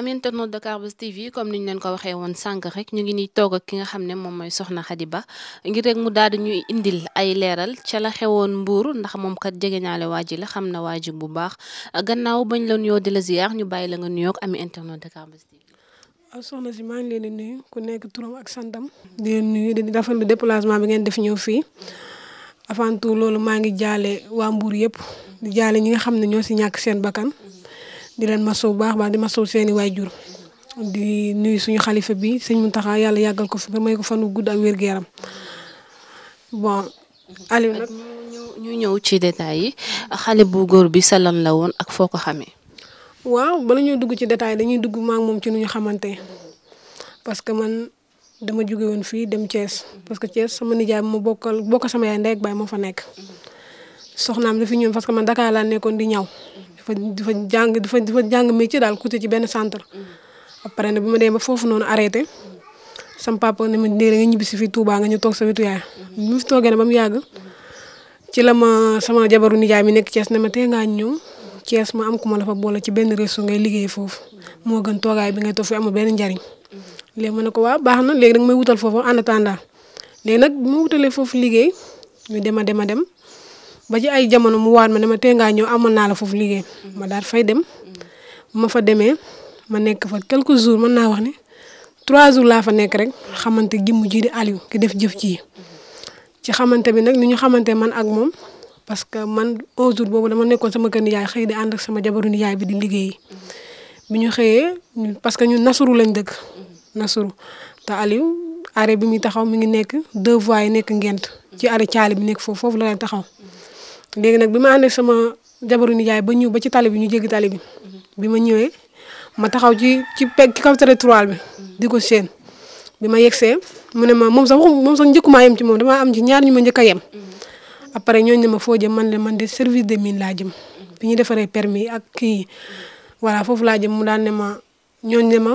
am internaute de Carbos TV comme niñ leen ko waxee woon sànq rek ñu ngi nii toog ki nga xam ne moom mooy Soxna Khady Ba ngir rek mu daal di ñuy indil ay leeral ca la xewoon Mbour ndax moom kat jegeñaale waa ji la xam na waa ji bu baax gannaaw bañ la nuyoo di la ziar ñu bàyyi la nga nuyoog am internaute de Carbos TV. waaw ah, maa ngi leen di nuyu ku nekk turam ak santam. di leen nuyu di rafetlu déplacement bi ngeen def ñëw fi avant tout loolu maa ngi jaale waa Mbour yëpp di jaale ñi nga xam ne ñoo si ñàkk seen bakkan. di leen masawu baax baax di masawu seeni jur di nuyu suñu xalifa bi mu taxaw yàlla yàggal ko fi ma may ko fanu gudd a wér gu bon Aliou nag ñu ñëw ci détails yi xale bu góor bi sa lan la woon ak foo ko xamee. waaw bala ñuy dugg ci détail dañuy dugg ma moom ci nu ñu xamante parce que man dama jóge woon fii dem cees parce que Thiès sama nijaay ma bokkal bokk sama yaay ndey ak baay moo fa nekk soxnaam dafi ñëw parce que man Dakar laa nekkoon di ñaw fa di fa jàng di fa di fa jàng métier daal côté ci benn centre. après nag bu ma demee ba foofu noonu arrêté. sam papa ne ma dégg nga ñibbi fii Touba nga ñu toog sa wetu yaay. bi mu fi toogee nag ba mu yàgg. ci la ma sama jabaru nijaay mi nekk Thiès ne ma tey ngaa ñëw. Thiès ma am ku ma la fa boole ci benn réseau ngay liggéey foofu. moo gën toogaay bi ngay toog fi amul benn njariñ. léegi ma ne ko waaw baax na léegi nag may wutal foofu en attendant léegi nag bi ma wutalee foofu liggéey ñu dem a dem a dem. ba ci ay jamono mu waat ma ne ma tee ngaa amoon naa foofu liggéey mm-hmm. ma daal fay dem mm-hmm. ma fa demee ma nekk fa quelque jours mën naa wax ni trois jour laa fa nekk rek xamante jëmm ji di Aliou ki def jëf ji mm-hmm. ci xamante bi nag ni ñu xamante man ak moom parce que man un jour boobu dama nekkoon sama kër yaay xëy di ànd ak sama jabaru yaay bi di liggéeyi bi ñu xëyee parce que ñun nasuru lañ dëkk nasuru te Aliou arrêt bi muy taxaw mi ngi nekk deux voies yi nekk ngent ci arrêt caali bi nekk foofu foofu la lay taxaw léegi nag bi ma àndee sama jabaru nijaay ba ñëw ba ci tali bi ñu jéggi tali bi bi ma ñëwee ma taxaw ci ci peg ci kaw trottoir bi di ko séen bi ma yegsee mu ne ma moom sax waxu moom sax njëkkumaa yem ci moom damaa am ci ñaar ma njëkk a yem après ñooñu ne ma foo jëm man de man de service des mines laa jëm bi ñu defaree permis ak kii voilà foofu laa jëm mu daan ne ma ñooñu ne ma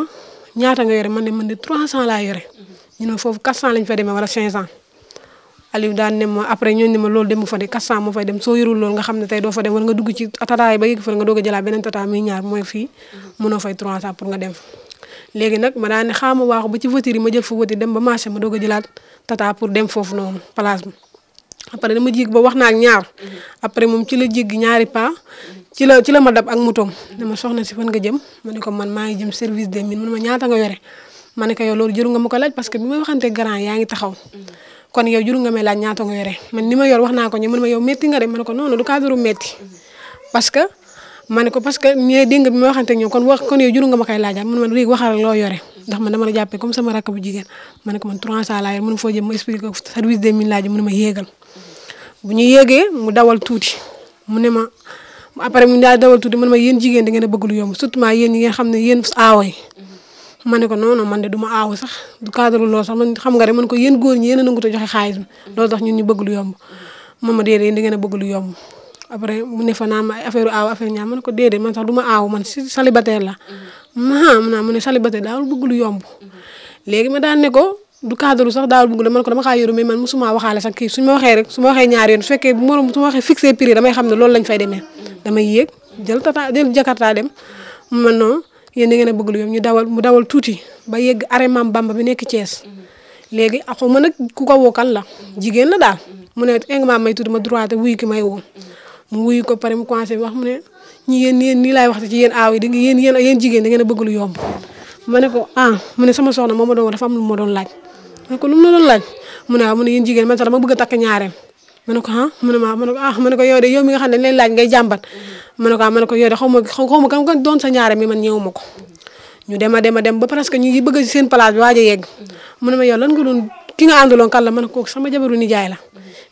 ñaata nga yore man de man de 300 laa yore ñu ne foofu 400 lañ fa demee wala 500. Aliou daan ne ma après ñooñu ne ma loolu demu fa de 400 moo fay dem soo yorul loolu nga xam ne tey doo fa dem war nga dugg ci tataay ba yëg fa nga doog a jëlaat beneen tata muy ñaar mooy fii mënoo mm-hmm. fay 300 pour nga dem fa léegi nag ma daan ne xaama waaxu ba ci voiture yi ma jël fa voiture dem ba marché ma doog a jëlaat tata pour dem foofu noonu place bi après dama jig ba wax naa ak ñaar mm-hmm. après moom ci la jéggi ñaari pas mm-hmm. ci la ci la ma dab ak motoom dama soxna si fan nga jëm ma ne ko man maa ngi jëm service des mines mu ne ma ñaata nga yore ma ne ko yow loolu jëru nga ma ko laaj parce que bi may waxante grand yaa ngi taxaw kon yow juru nga may laaj yore man ni ma wax naa ko ñu man ma yow métti nga de ma ne ko noonu du cadre métti parce que ma ne ko parce que ñee dégg nga bi ma waxante ak kon wax kon yow juru nga ma koy laajaat man ma léegi waxal loo yore ndax man dama la jàppee comme sama rakk bu jigéen ma ne ko man 300 laa yor mën foo jëm ma expliqué ko service des ma yéegal bu ñu yéegee mu dawal tuuti mu ne ma après mu daal dawal tuuti man ma yéen jigéen da ngeen a bëgg lu yomb surtout yéen ñi nga xam ne yéen ma ne ko noonu non man de du ma aaw sax du cadre loolu sax man xam nga rek man ko yéen góor yen yéen a nangu te joxe xaalis bi mm-hmm. loolu tax ñun ñu bëgg lu yomb mama déedéet yéen da ngeen yomb après mu ne naa ma affaire aaw affaire ñaar ma ne ko déedéet man sax du ma aaw man si célibataire la maa mm-hmm. mu naa ah, mu ne célibataire bëgg lu yomb mm-hmm. léegi ma daan ne ko du cadre sax daawul bëgg la man ko dama xaa yoru mais man musuma waxaale sax kii suñu ma waxee ma waxee ñaari yoon su fekkee bu morom su ma waxee fixé prix damay xam ne loolu lañ fay demee damay yéeg jël dem man non yéen da ngeen a bëgg lu yomb ñu dawal mu dawal tuuti ba yegg arrêt Maam Bamba bi nekk Thiès mm-hmm. léegi xaw ma nag ku ko woo kan la jigéen la daal mm-hmm. mu ne eng maam may tuuti ma droite wuyu ki may woo mm-hmm. mu wuyu ko pare mu commencé wax mu ne ñi yéen yéen nii laay waxte ci yéen aaw yi di yéen yéen yéen jigéen da ngeen a bëgg lu yomb ma ne ko ah mu ne sama soxna moo ma doon dafa am lu ma doon laaj ma ne ko lu mu la doon laaj mu ne waaw ah, mu ne yéen jigéen man sax dama bëgg a takk ma ne ko ah mu ne ma ma ne ko ah ko yow de yow nga xam ne ko ah ma ne ko yow de xaw ma man ñëw ma ko ñu dema dema dem ba presque ñu ngi bëgg ci seen place bi waaj a yegg ma yow lan ki nga àndaloon kan la ma ne ko nijaay la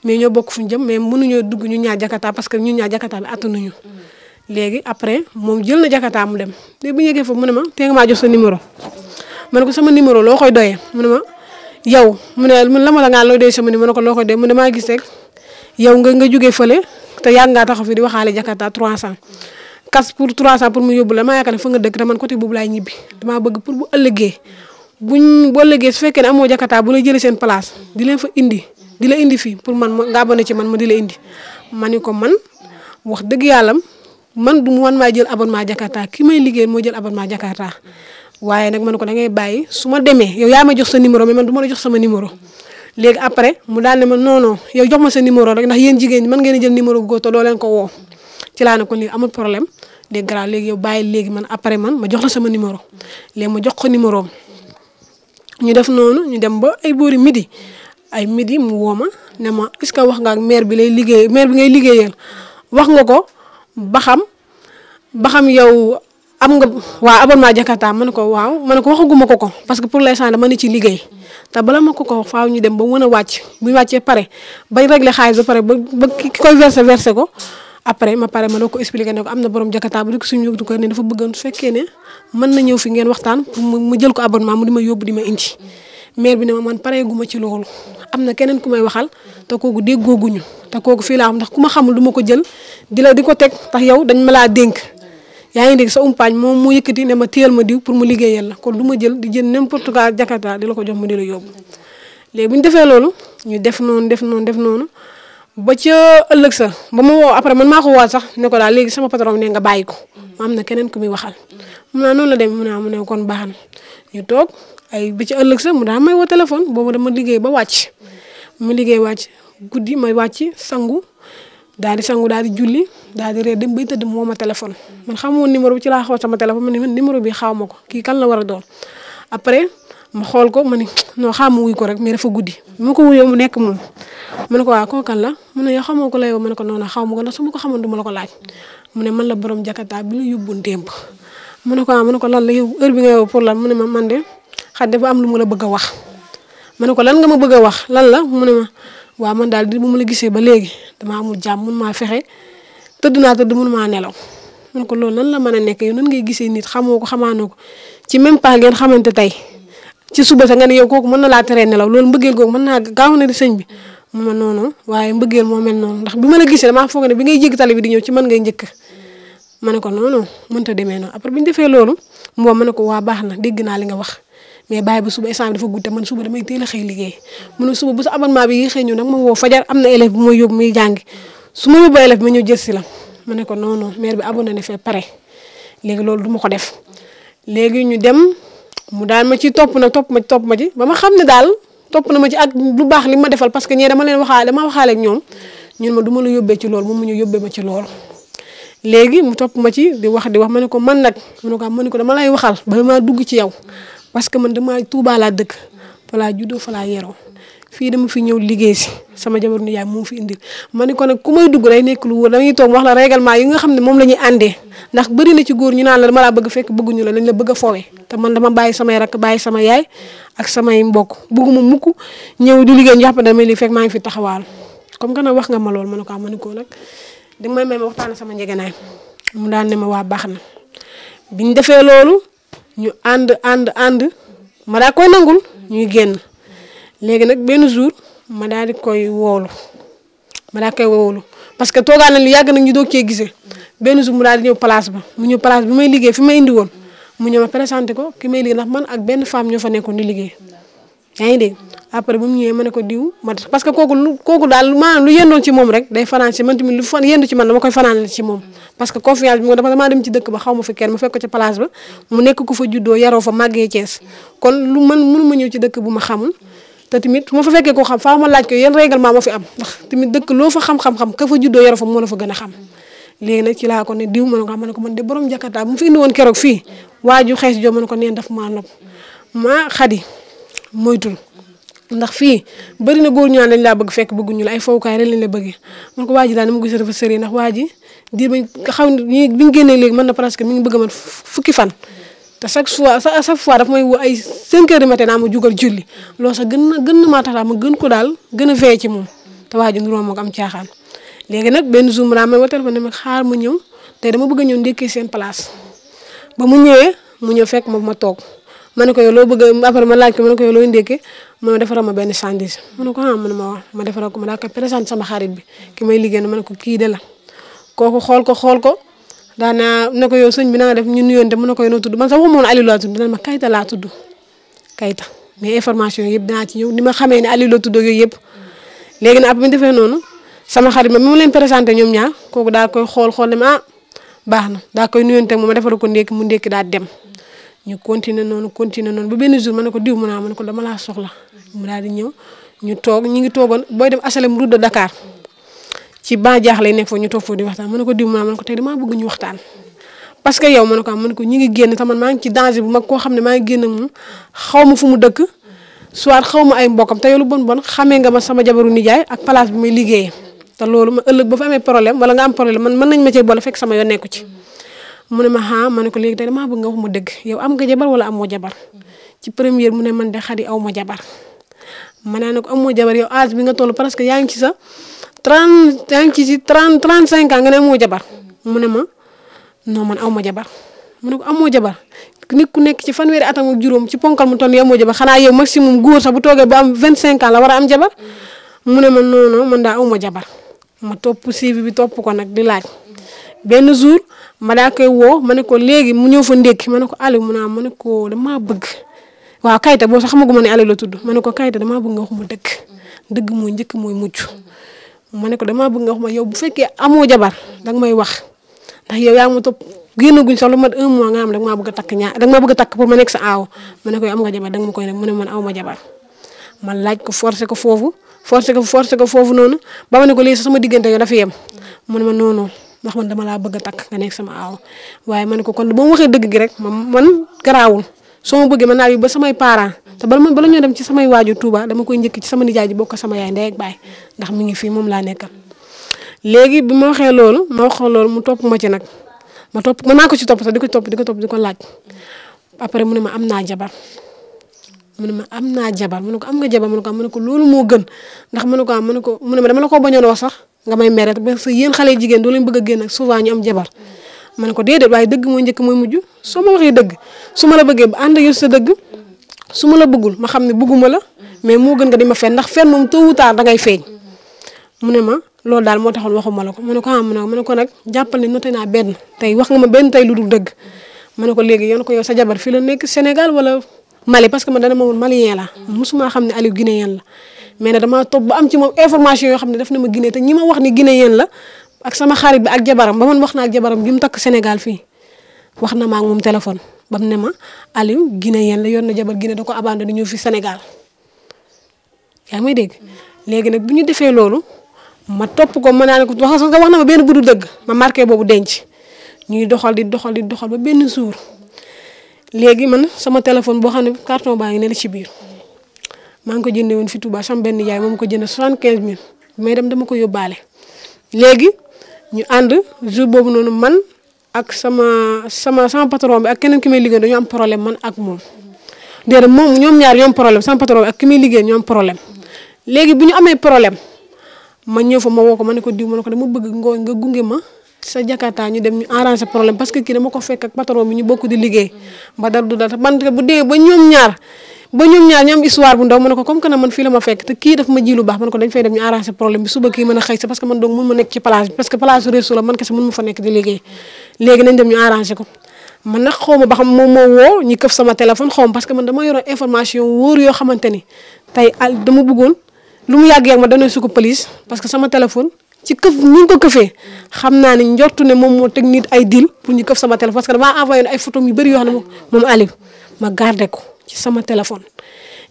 mais ñoo bokk fu ñu jëm mais mënuñoo dugg ñu ñaar jakarta parce que ñun ñaar jakarta bi attanuñu léegi après moom jël na jakarta dem léegi bu ñu yeggee ma tee nga maa jox sa numéro ma ne ko sama loo koy doyee mu ne ma yow mu ma la ngaa loo doy sama numéro ko loo koy doyee mu ne maa yow nga nga jógee fële te yàgg ngaa taxaw fi di waxaale Jakarta 300 kas pour 300 pour mu yóbbu la ma yaakaar ne fa nga dëkk te man côté boobu laay ñibbi damaa bëgg pour bu ëllëgee buñ bu ëllëgee su fekkee ne amoo Jakarta bu la jëlee seen place di fa indi di la indi fii pour man nga abonné ci man ma di la indi ma ni ko man wax dëgg yàlla man du wan maa jël abonnement Jakarta ki may liggéey moo jël maa Jakarta waaye nag man ko da ngay bàyyi su demee yow yaa ma jox sa numéro mais man du ma la jox sama numéro léegi après mu daal ne ma non non yow jox ma sa numéro rek ndax yéen jigéen ñi mën ngeen jël numéro góor te doo leen ko woo ci laa ne ko nii amul problème dégg nga léegi yow bàyyi léegi man après man ma jox la sama numéro léegi ma jox ko numéro ñu def noonu ñu dem ba ay boori midi ay midi mu woo ma ne ma est-ce que wax nga ak maire bi lay liggéey maire bi ngay liggéeyal wax nga ko ba xam ba yow. am nga waaw abonnement Jakarta ma ne ko waaw ma ne ko waxaguma ko ko parce que pour l'instant dama ne ci liggéey te bala ma ko ko wax faaw ñu dem ba mën a wàcc bu ñu wàccee pare bañ réglé xaalis ba pare ba ba ki koy versé versé ko après ma pare ma doo ko ko am na borom Jakarta bu dëkk suñu yóbbu ko ne dafa bëggoon su fekkee ne mën na fi ngeen waxtaan pour mu jël ko abonnement mu di ma yóbbu di ma indi maire bi ne ma man pareeguma ci loolu am na keneen ku may waxal te kooku déggooguñu te kooku fii laa am ndax ku ma xamul du ma ko jël di la di ko teg tax yow dañ ma laa denk yaa ngi dégg sa umpaañ moom mu yëkkati ne ma téyal ma diw pour mu liggéeyal la kon du ma jël di jël n'importe quoi jakarta di la ko jox mu di la yóbbu léegi bu ñu defee loolu ñu def noonu def noonu def noonu ba ca ëllëg sa ba ma woo après man maa ko woo sax ne ko daal léegi sama patron ne nga bàyyi ko am na keneen ku muy waxal mun naa noonu la dem mun naa mu ne kon baax na ñu toog ay ba ca ëllëg sa mu daa may woo téléphone boobu dama liggéey ba wàcc mu liggéey wàcc guddi may wàcc sangu daal di sangu daal di julli daal di reer dem bay tëdd moo ma téléphone man xamoon numéro bi ci laa xool sama téléphone man man numéro bi xaw ma ko kii kan la war a doon après xool ko ma ne non xaama wuy ko rek mais dafa guddi ma ko wuyoo mu nekk mu ne ko waa kookan la mu ne yow xamoo ko la yow ma ne ko noonu xaw ma ko su ma ko xamoon du ma la ko laaj mu ne man la borom jakarta bi lu yóbbuwoon démb mu ko ah mu ko lan la yow heure bi nga yow lan mu ne ma man de xat dafa am lu bëgg a wax ma ne ko lan nga ma bëgg a wax lan la mu ne ma waaw man daal di bu ma la gisee ba léegi damaa amul jàmm mun maa fexe tëdd naa tëdd mun maa nelaw mun ko loolu nan la mën a nekk yow nan ngay gisee nit xamoo ko xamaanoo ko ci même pas ngeen xamante tey ci suba sa nga ne yow kooku mën na laa teree nelaw loolu mbëggeel googu mën naa gaaw na di sëñ bi mu ma noonu waaye mbëggeel moo mel ndax bi ma la gisee damaa foog ne bi ngay jéggi tali bi di ñëw ci man ngay njëkk ma ne ko noonu mënta demee noonu après bi ñu defee loolu mu ma ne ko waa baax na dégg naa li nga wax mais bàyyi ba suba instant bi dafa gudd man suba damay teel a xëy liggéey mu ne suba bu sa abonnement bi yi xëy ñëw nag ma woo fajar am na élève bi mooy yóbbu muy su ma yóbbu élève ma ñëw jël si la ma ne ko non non bi abonné na fee pare léegi loolu du ma ko def léegi ñu dem mu daal ma ci topp na topp ma ci ma ci ba ma xam ne daal topp na ma ci ak lu baax li ma defal parce que ñee dama leen waxaale dama waxaale ak ñoom ma du yóbbee ci loolu moom mu ñu yóbbee ma ci loolu léegi mu topp ma ci di wax di wax ma ne ko man nag mu ne ko ma ne ko dama lay waxal ba ma dugg ci yow parce que man damaa Touba laa dëkk falaa juddoo falaa yeroo fii dama fi ñëw liggéey si sama jabar nu yaay moom fi indil ma ko nag ku may dugg day nekk lu wóor wax la règlement yi nga xam ne moom la ñuy àndee ndax bëri na ci góor ñu naan la dama laa bëgg fekk bëgguñu la lañ la bëgg a foowee te man dama samay rakk bàyyi sama yaay ak samay mbokk bëgguma mukk ñëw du liggéey ñu jàpp damay li fekk maa ngi fi taxawaal comme que nag wax nga ma lool ma ne ko ah, ma ne ko nag damay may ma waxtaan sama njëgënaay mu daan ne ma waa baax na biñ defee loolu ñu ànd ànd ànd ma koy nangul ñuy génn léegi nag benn jour ma daal di koy woolu ma daa koy woolu parce que toogaan na lu yàgg nag ñu doog cee gisee benn jour mu daal di ñëw place ba mu ñëw place bi may liggéey fi may indi woon mu ñëw ma présenté ko ki may liggéey ndax man ak benn femme ñoo fa nekkoon di liggéey yaa ngi dégg après bu mu ñëwee ma ne ko diw ma kooku daal maanaam lu yendoon ci moom moom parce que confiance bi mo dafa damaa dem ci dëkk ba xaw ma fi kenn ma ko ca place ba mu nekk ñëw ci dëkk bu ma xamul te tamit fa fekkee ko xam faaw ma laaj ko yan règlement ma fi am ndax tamit dëkk loo fa xam-xam-xam ka fa juddoo yaroo laa ko ne diw ma ne ko xam ma ne ko man de borom jakarta mu fi indi keroog fii waaju xees joo ne ko neen daf maa nopp maa xadi moytul ndax fii bëri na góor ñu dañ laa bëgg fekk bëgguñu la ay fowukaay rek lañ la bëggee mun ko waa ji daal ni ma gis dafa sëree ndax waa ji diir bañ xaw ni génnee léegi mën na presque mi ngi bëgg a mën fukki fan te chaque fois chaque fois daf may woo ay 5 heures du ma jugal julli loolu sax gën na gën na tax daal ma gën ko daal gën a veillé ci moom te waa nuroo moo am caaxaan léegi nag benn jour mu may woo téléphone ne ma xaar ma ñëw te dama bëgg a ñëw ndékkee seen place ba mu ñëwee mu ñëw fekk moom ma toog ma ne ko yow loo bëgg après ma laaj ko ma ne ko yow looy ndékkee mu ne ma defaral ma benn sandwich ma ne ko ah mu ne ma waaw ma defaral ko ma daa ko présenté sama xarit bi ki may liggéey ma ne ko kii de la kooku xool ko xool ko daana ne ko yow sëñ bi na nga def ñu nuyoonte mu ne ko yow noo tudd man sax waxuma woon Aliou laa tudd dina ma Kayta laa tudd Kayta mais information yëpp dinaa ci ñëw ni ma xamee ne Aliou la tudd yooyu yëpp léegi nag ab mi defee noonu sama xarit ma mu leen présenté ñoom ñaar kooku daal koy xool xool ne ma ah baax na daa koy nuyoonte moom ma defal ko ndékki mu ndékki daal dem ñu continuer noonu continuer noonu ba benn jour ma ne ko diw mu naa ma ne ko dama laa soxla mu daal di ñëw ñu toog ñu ngi toogoon booy dem HLM route de dakaar ci ban jaax lay nekk foofu ñu toog foofu di waxtaan ma ne ko diw mu naa ma ne ko ñu waxtaan parce que yow ma ko ñu ngi génn taman maa ngi ci danger bu mag koo xam ne maa ngi génn ak moom xaw ma fu mu dëkk soit xaw ma ay mbokkam te yow lu bon bon xamee nga ma sama jabaru nijaay ak place bi may liggéeyee te loolu ma ëllëg ba fa amee problème wala nga am problème man mën nañ ma cee boole fekk sama yoon nekku ci mu ne ma ah ma ne ko léegi damaa bëgg nga wax ma dëgg yow am nga jabar wala amoo jabar ci première mu ne man de xadi aw ma jabar ma ne ko amoo jabar yow âge bi nga toll parce que yaa ngi ci sa trente yaa ngi ci si trente trente cinq ans nga ne mu ne ma non man aw ma jabar mu ne ko amoo jabar nit ku nekk ci fanweeri atam ak juróom ci ponkal mu toll yow amoo jabar xanaa yow maximum góor sax bu toogee ba am vingt cinq la war am jabar mu ne ma non non man daa aw ma jabar ma topp suivi bi topp ko nag di laaj. benn jour ma daa woo ma ne ko léegi mu ñëw fa ndékki ma ne ko Aliou mu naa ah, ma ne ko damaa bëgg waaw kayita boo sax ma ne Aliou la tudd ma ne ko kayita damaa bëgg nga wax ma dëgg dëgg mooy njëkk mooy mujj ma ne ko damaa bëgg nga wax ma yow bu fekkee amoo jabar danga may wax ndax yow yaa ma topp génnaguñ sax lu mat un mois nga am danga bëgg takk ñaar danga bëgg a takk pour ma nekk sa aaw ma ne ko yow am nga jabar danga ma koy ne mu ne man aw ma jabar ma laaj ko forcé ko foofu forcé ko forcé ko foofu noonu ba ma ne ko léegi sama diggante yow dafa yem mu ma noono ndax man dama laa bëgg a takk nga nekk sama aaw waaye ma ne ko kon boo waxee dëgg gi rek man man garaawul soo ma bëggee man naa yu ba samay parents te bala ma bala ñoo dem ci samay waajur Touba dama koy njëkk ci sama nijaay ji bokk sama yaay ndey ak baay ndax mi ngi fii moom laa nekkal léegi bi ma waxee loolu ma waxoon mu topp ma ci nag ma mën naa ko ci topp sax di ko topp di ko topp di ko laaj après mu ne ma am naa jabar mu ne ma am naa jabar mu ne ko am nga jabar mu ne ko am mu ne ko loolu moo gën ndax mu ne ah, mu ne ko mu ne ma dama la ko bañoon sax nga may mere parce que yéen xale jigéen doo leen bëgg a génn souvent ñu am jabar ma ne ko déedéet waaye dëgg mooy njëkk mooy mujj soo ma waxee dëgg su ma la bëggee ba ànd ak sa dëgg su ma la bëggul ma xam ne bëgguma la mais moo gën nga di ma fen ndax fen moom tôt ou tard dangay feeñ mu ne ma loolu daal moo taxoon waxuma la ko ma ne ko ah ma ne ko nag jàppal ne noté naa benn tey wax nga ma benn tey lu dul dëgg ma ne ko léegi yoon ko yow sa jabar fii la nekk Sénégal wala Mali parce que man dana ma woon malien la musuma xam ne Aliou guinéen la mais ne damaa topp bu am ci moom information yoo xam ne daf na ma Guinée te ñi ma wax ni Guinée yéen la ak sama xarit bi ak jabaram ba man wax naa ak jabaram bi mu takk Sénégal fii wax na ma moom téléphone ba ne ma Aliou Guinée yéen la yor na jabar Guinée da ko abandonné ñëw fi Sénégal yaa ngi dégg. léegi nag bu ñu defee loolu ma topp ko ma naan ko wax nga wax na ma benn bu du dëgg ma marqué boobu denc ñuy doxal di doxal di doxal ba benn suur léegi man sama téléphone boo xam ne carton baa ngi ne la ci biir. maa ngi ko jëndee woon fi Touba sama benn yaay moom ko jënd 75000 mais dem dama ko yóbbaale. léegi ñu ànd jour boobu noonu man ak sama sama sama patron bi ak keneen ki may liggéey dañu am problème man ak moom. déedéet moom ñoom ñaar ñoom problème sama patron ak ki muy liggéey ñoom problème léegi bu ñu amee problème ma ñëw fa ma woo ko ma ne ko diw ma bëgg ngooñ nga gunge ma sa jakarta ñu dem ñu arranger problème parce que kii dama ko fekk ak patron bi ñu bokk di liggéey ba dara du dara man bu dee ba ñoom ñaar ba ñoom ñaar ñoom histoire bu ndaw mu ne ko comme que na man fii la ma fekk te kii daf ma ji lu baax man ko dañ fay dem ñu arrangé problème bi suba kii mën a xëy si parce que man donc nekk ci place parce que xam moom moo woo ñu këf sama téléphone xaw ma parce que man dama yoroon information wóor yoo xamante ma dana su ko police parce que sama téléphone ci këf ñu ko këfee xam naa ne njortu ne moom moo teg nit ay deal pour ñu këf sama téléphone parce que damaa envoyé ay photo yu bëri yoo xam ne moom Aliou ma gardé ko ci sama téléphone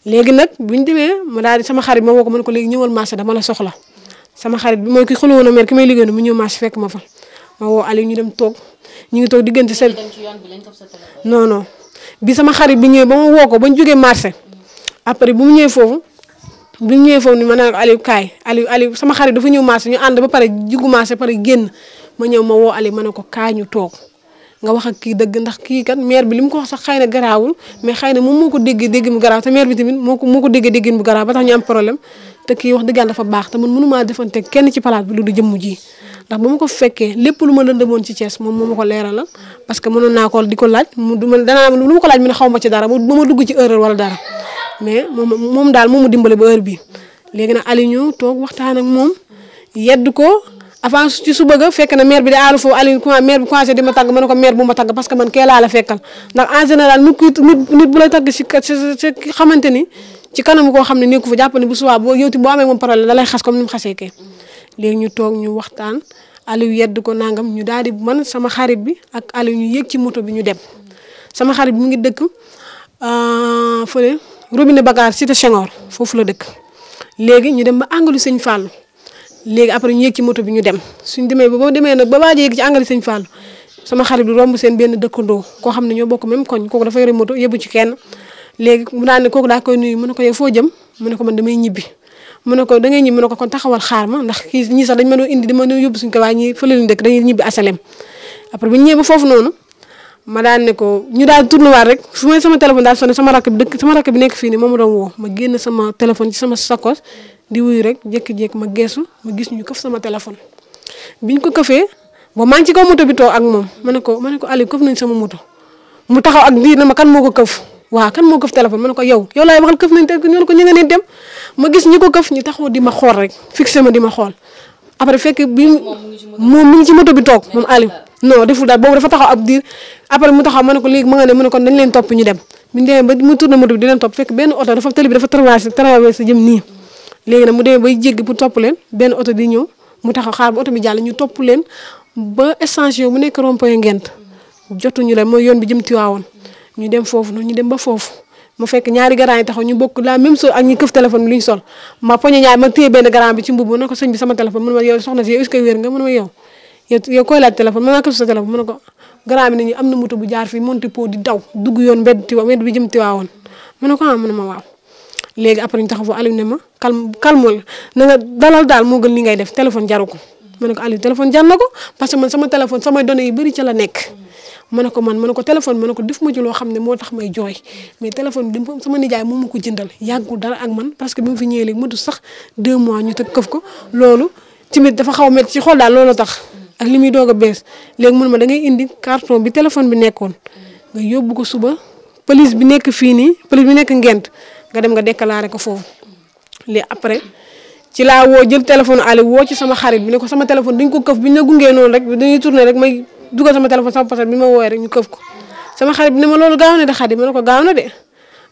léegi nag buñu demee ma daal di sama xarit ma woo ko mën ko léegi ñëwal marché dama la soxla sama xarit bi mooy ki xulóo na mee ki may liggéey mu ñëw marché fekk ma fa ma woo Aliou ñu dem toog ñu ngi toog diggante seen non non bi sama xarit bi ñëwee ba woo ko ba jógee marché après bu mu ñëwee foofu bu ñëwee foofu ni ma ne ko Aliou kaay Aliou sama xarit dafa ñëw marché ñu ànd ba pare juggu marché pare génn ma ñëw ma woo Aliou ma ne ko kaay ñu toog nga wax ak kii dëgg ndax kii kat maire bi li mu ko wax sax xëy na garaawul mais xëy na moom moo ko déggee dégg mu garaaw te maire bi tamit moo ko moo ko déggee déggin bu garaaw ba tax ñu am problème te kii wax dëggaan dafa baax te man mënumaa defante kenn ci palaat bi lu du jëmm ji ndax ba ma lu moom ko leeralal parce que mënoon naa ko di ko laaj mu du ma danaa lu ma ko laaj mu ne xaw ma ci dara ba ma dugg ci erreur wala dara mais moom daal moom ma dimbale ba heure bi léegi nag Aliou ñëw toog waxtaan ak moom yedd ko avant ci suba ga fekk na maire bi di aaru foofu Alioune maire bi commencé di ma tàgg ma ne ko maire bu ma tàgg parce que man kee laa la fekkal ndax en général xam ne nekku fa jàpp ne bu subaa boo yowti boo amee ñu toog ñu waxtaan Aliou yedd ko nangam ñu daal di man sama xarit bi ak Aliou ñu yéeg ci moto bi ñu dem sama xarit bi mu ngi dëkk euh, fële robinet Bakar cité Senghor foofu la dëkk léegi ñu dem ba angalu sëñ Fallou léegi après ñu yéeg ci moto bi ñu dem suñ demee ba boo demee nag ba waaj yéeg ci àngali sëñ Fallou sama xarit bi romb seen benn dëkkandoo koo xam ne ñoo bokk même koñ dafa yore moto yóbbu ci kenn léegi mu daan ne kooku daa koy nuyu mu ne ko da ngay ñibbi mu ne ko kon taxawal ma ndax kii ñii sax indi di ma doon yóbbu suñ ko waaye ñi fële lañ dëkk ñu ñëwee ba foofu noonu ko ñu daal tourné waat rek su ma sama téléphone daal sama rakk bi dëkk sama rakk bi nekk fii ni moom doon woo ma génn sama téléphone ci sama sacoche di wuyu rek jékki-jékki ma geesu ma gis ñu këf sama téléphone biñ ko këfee ba maa ngi ci kaw moto bi too ak moom ma ne ko ma ne ko Aliou këf sama moto mu taxaw ak na ma kan moo ko këf waaw kan moo këf téléphone ma ne ko yow yow laay nañ te ñoo ko ñu dem gis ñi ko këf ñu taxaw di ma xool di ma xool après bi moom mi ngi ci moto bi toog moom Aliou non deful daal boobu dafa mu taxaw moto bi di leen topp fekk benn oto dafa tëli bi dafa traversé traversé jëm nii léegi nag mu demee bay jéggi pour topp leen benn oto di ñëw mu tax a xaar ba oto bi jàll ñu topp leen ba extension bu nekk rond-point Ngent jotuñu leen mooy yoon bi jëm Tiwaawoon ñu dem foofu noonu ñu dem ba foofu mu fekk ñaari garant yi taxaw ñu bokk la même chose ak ñu këf bi li ñu sol ko sama téléphone mun ma yow soxna si yow est-ce que am na moto bu jaar fii monte po di daw dugg yoon mbedd tiwa mbedd bi jëm ko ah ma waaw léegi après ñu taxawoo Aliou ne ma calme calme dalal daal moo gën li ngay def téléphone jaru ko. ma ko Aliou téléphone jar na ko parce que man sama téléphone samay données yu bëri ca la nekk. ma ne ko man ma ko téléphone ma loo xam ne moo tax may jooy mais téléphone bi sama nijaay moom ma ko jëndal yàggul dara ak man parce que bi mu fi ñëwee léegi matu sax deux mois ñu tëj këf ko loolu tamit mun ma da indi carton bi téléphone bi nekkoon nga yóbbu ko suba police bi nekk fii nii police bi nekk ngent nga dem nga déclaré ko foofu léegi après ci laa woo jël téléphone Aliou woo ci sama xarit bi ne ko sama téléphone dañ ko këf bi ñu la gungee noonu rek dañuy tourné rek may dugal sama téléphone sama pochette bi ma woowee rek ñu këf ko sama xarit bi ne ma loolu gaaw na de xarit ma ne ko gaaw na de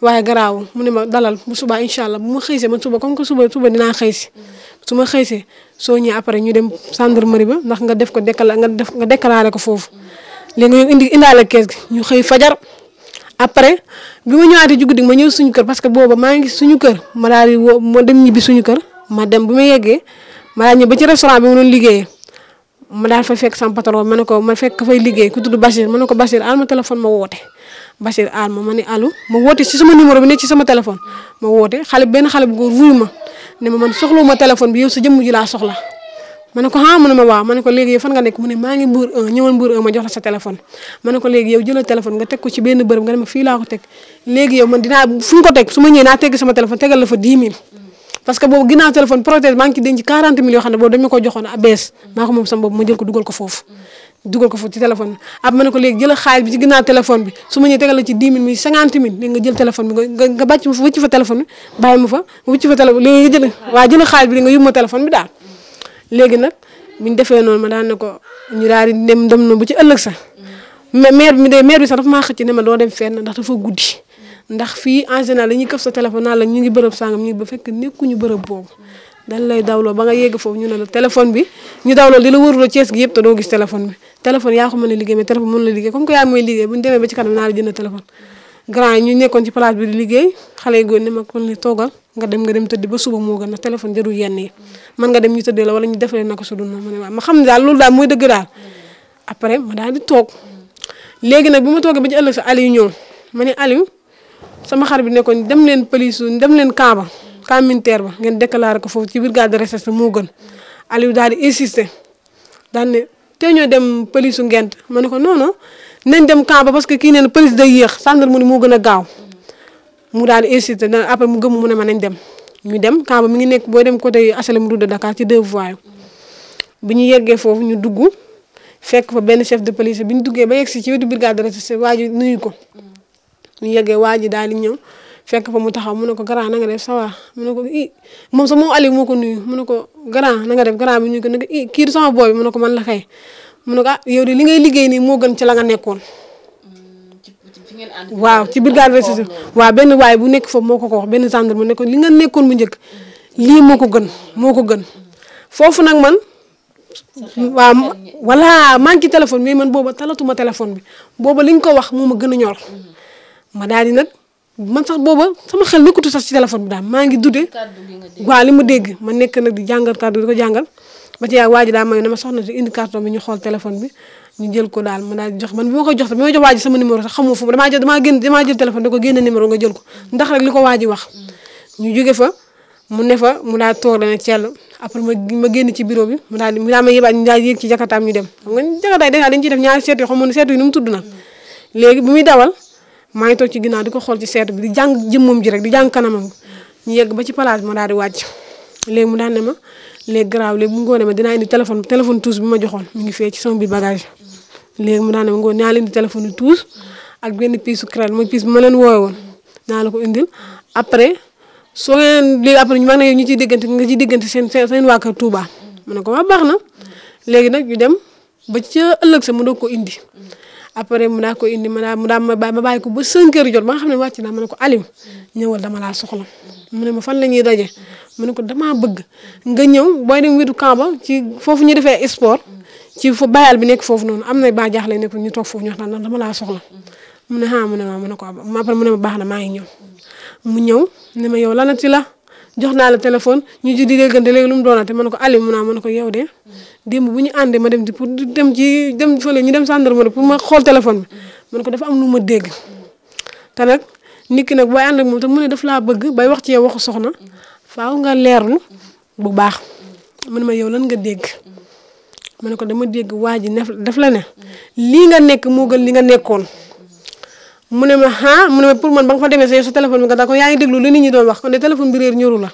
waaye garaaw mu ne ma dalal bu subaa incha allah bu ma xëysee man suba comme que suba suba dinaa xëysi su ma xëysee soo ñëwee après ñu dem gendarmerie ba ndax nga def ko déclaré nga def nga déclaré ko foofu léegi nga indi indaale kees gi ñu xëy fajar après bi ma ñëwaatee ci ma ñëw suñu kër parce que booba maa ngi suñu kër ma daal di ma dem ñibbi suñu kër ma dem bu ma yeggee ma daal ñëw ba ci restaurant bi ma doon liggéeyee ma daal fa fekk sama ma ne ko ma fekk fay liggéey ku tudd Bachir ma ne ko Bachir aal ma téléphone ma woote. Bachir aal ma ma ne ma woote si sama numéro bi ne ci sama téléphone ma woote xale benn xale bu góor wuyu ma ne ma man soxlawuma téléphone bi yow sa ji laa soxla. ma ne ko ah mu ne ma waaw ma ne ko léegi yow fan nga nekk mu ne maa ngi mbuur ñëwal mbuur 1 ma jox la sa téléphone ma léegi yow jëlal téléphone a bees maa ko moom sama boobu ma jël ko dugal ko foofu dugal ko foofu ci téléphone bi ab ma ne ko léegi jëlal xaalis bi su ma ñëwee tegal la ci 10 000 muy 50 000 léegi nga jël téléphone bi nga nga bàcc ma fa wëcc fa bi bàyyi ma fa wëcc jël waa bi nga yóbbu ma téléphone bi daal léegi nag bu ñu defee noonu ma daan ne ko ñu daal di dem dem na bu ci ëllëg sax mais maire bi de maire bi sax dafa ne ma doo dem fenn ndax dafa guddi ndax fii en général dañuy këf sa téléphone naan la ñu ngi bërëb sàngam ñu ba fekk nekkuñu bërëb ba nga yegg foofu ñu ne la téléphone bi ñu dawloo di la wëruloo Thiès gi yëpp te doo gis téléphone bi téléphone yaa ko mën a liggéey mais téléphone mën la liggéey comme que yaa mooy liggéey bu ñu ba ci kanam naa la jënd téléphone grand yi ñu nekkoon ci place bi di liggéey xale yu góor ne ma kon ne toogal nga dem nga dem tëdd ba suba moo gën a téléphone jarul yenn yi mën nga dem ñu tëddee la wala ñu defalee naka su dul noonu ma ne ma xam ne daal loolu daal mooy dëgg daal après ma daal di toog léegi nag bi ma toogee ba ci ëllëg sa Aliou ñëw ma ne Aliou sama xar bi nekkoon dem leen police dem leen Kaaba camp militaire ba ngeen déclaré ko foofu ci brigade de recherche moo gën Aliou daal di insister daal ne tey ñoo dem police ngent ma ne ko non non nañ dem camp parce que kii nee na police day yéex gendarme mu ne moo gën gaaw mu daal di na après mu gëm mu ne ma nañ dem ñu dem camp ba mi ngi nekk booy dem côté HLM route de Dakar ci deux voies bi ñu yeggee foofu ñu dugg fekk fa benn chef de police bi ñu duggee ba yegg si ci wetu brigade de recherche waa ji ko ñu yeggee waa ji daal di ñëw fekk fa mu taxaw mu ne ko grand na nga def ça mu ne ko i moom sax moom moo ko nuyu mu ne ko grand na nga def grand bi ñu ko ne ko i kii du sama booy bi mu ne ko man la xëy mu ne ko ah yow de li ngay liggéey nii moo gën ci la nga nekkoon. waaw ci biir gàllankoor waaw benn waay bu nekk foo moo ko ko wax benn gendarme ne ko li nga nekkoon bu njëkk lii moo ko gën moo ko gën foofu nag man. waaw voilà maa ngi ci téléphone mais man booba talatuma téléphone bi booba li ñu ko wax moo ma gën a ñor. ma daal nag man sax booba sama xel nekkutu sax ci téléphone bi daal maa ngi dudde. waaw li ma dégg ma nekk nag di jàngal kàddu di ko jàngal. ba ci yàgg waa ji daa may ne ma soxna si indi carton bi ñu jël ko daal ma daal jox man bi ma koy jox bi ma jox waa ji sama numéro sax xamoo fu mu damaa jël damaa mu ne fa mu daal toog dana cell après ma génn ci bureau bi mu daal mu daal ma yëbaat ñu daal yéeg ci jakataam ñu dem xam nga jakataay dèjà dañu ciy seetu yi nu mu tudd nag léegi bi muy dawal maa ngi toog ci ginnaaw di ko xool ci seetu bi di jàng jëmmam ji rek di jàng kanamam ñu yegg ba ci place bi ma daal di wàcc léegi mu daa ne ma léegi garaaw léegi mu ngoonee ma dinaa indi téléphone téléphone tous bi ma joxoon mu ngi fee ci sama biir bagage léegi mu daan ne ma ngoon naa la indi téléphone tous ak benn piisu crête mooy piis ma leen woowe woon naa la ko indi après soo ngeen après ñu mag na yow ñu ciy déggante nga ciy déggante seen seen waa kër Touba mu ne ko waa baax na léegi nag ñu dem ba ca ëllëg sa mu doog ko indi après mu daa ko indi ma daa mu daa ma bàyyi ko ba 5 heures jot ba nga xam ne wàcc naa ma ne ko Aliou ñëwal dama laa soxla mu ne ma fan la ñuy daje mu ne ko damaa bëgg nga ñëw booy dem wetu camp ba ci foofu ñu defee sport ci fa bayal bi nekk foofu noonu am na ba jaaxle nekk ñu toog foofu ñu waxtaan ndax dama laa soxla mu ne ah mu ne ma ma ne ko après mu ne ma baax na maa ngi ñëw mu ñëw ne ma yow lanati la. jox naa la téléphone ñu ji di déggante léegi lu mu doonate ma ko ali mu naa ma ko yow de démb bu ñu àndee ma dem di pour dem ji dem fële ñu dem gendarmerie pour ma xool téléphone bi ma ne ko dafa am lu ma dégg te nag nit ki nag booy ànd ak moom te mu ne daf laa bëgg bay wax ci yow waxu soxna faaw nga leer lu bu baax man ma yow lan nga dégg ma ne ko dama dégg waa ji daf la ne lii nga nekk moo gën li nga nekkoon mu ne ma ah mu ne ma pour man ba fa demee sa yow sa nga daa ko yaa ngi déglu lu nit ñi doon wax kon de téléphone bi ñoru la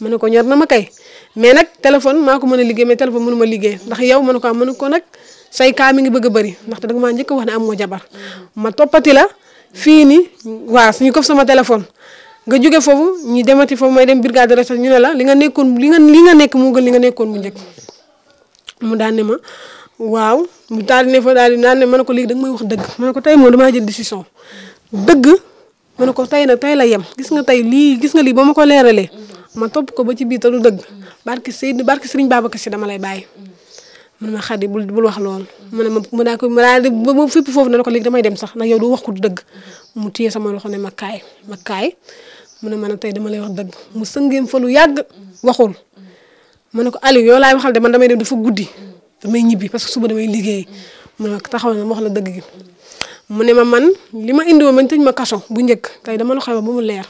mu ne ko ñor na ma kay mais nag téléphone ko mën a liggéey mais téléphone mënu ma liggéey ndax yow mënu ko am mënu ko nag say kaa mi ngi bëgg a bëri ndaxte da nga maa njëkk wax ne amoo ma toppati la fii nii waaw suñu kof sama téléphone nga jóge foofu ñu demati foofu may dem brigade de recherche ñu ne la li nga nekkoon li nga li nga nekk moo gën nekkoon bu njëkk mu daan ne ma waaw mu daal di ne fa daal naan ne man ne ko léegi danga may wax dëgg man ne ko tey moom damaa jël décision dëgg ma ne ko tey na tey la yem gis nga tey lii gis nga lii ba ma ko leeralee ma topp ko ba ci biir te du dëgg barki Seydou barki Serigne si dama lay bàyyi. mun ma xadi bul bul wax loolu mu ne ma mu daa ko mu ba fépp foofu ne ko léegi damay dem sax na yow du wax ko dëgg mu téye sama loxo ne ma kaay ma kaay mu ne tey dama lay wax dëgg mu sëngeem fa lu yàgg waxul ma ne ko Aliou yow laay waxal de man damay dem dafa guddi. damay ñibbi parce que suba damay liggéey mu ne ma taxaw na wax la dëgg gi mu ne ma man li ma indi woon ma kaso bu njëkk tey dama la xayma ba mu leer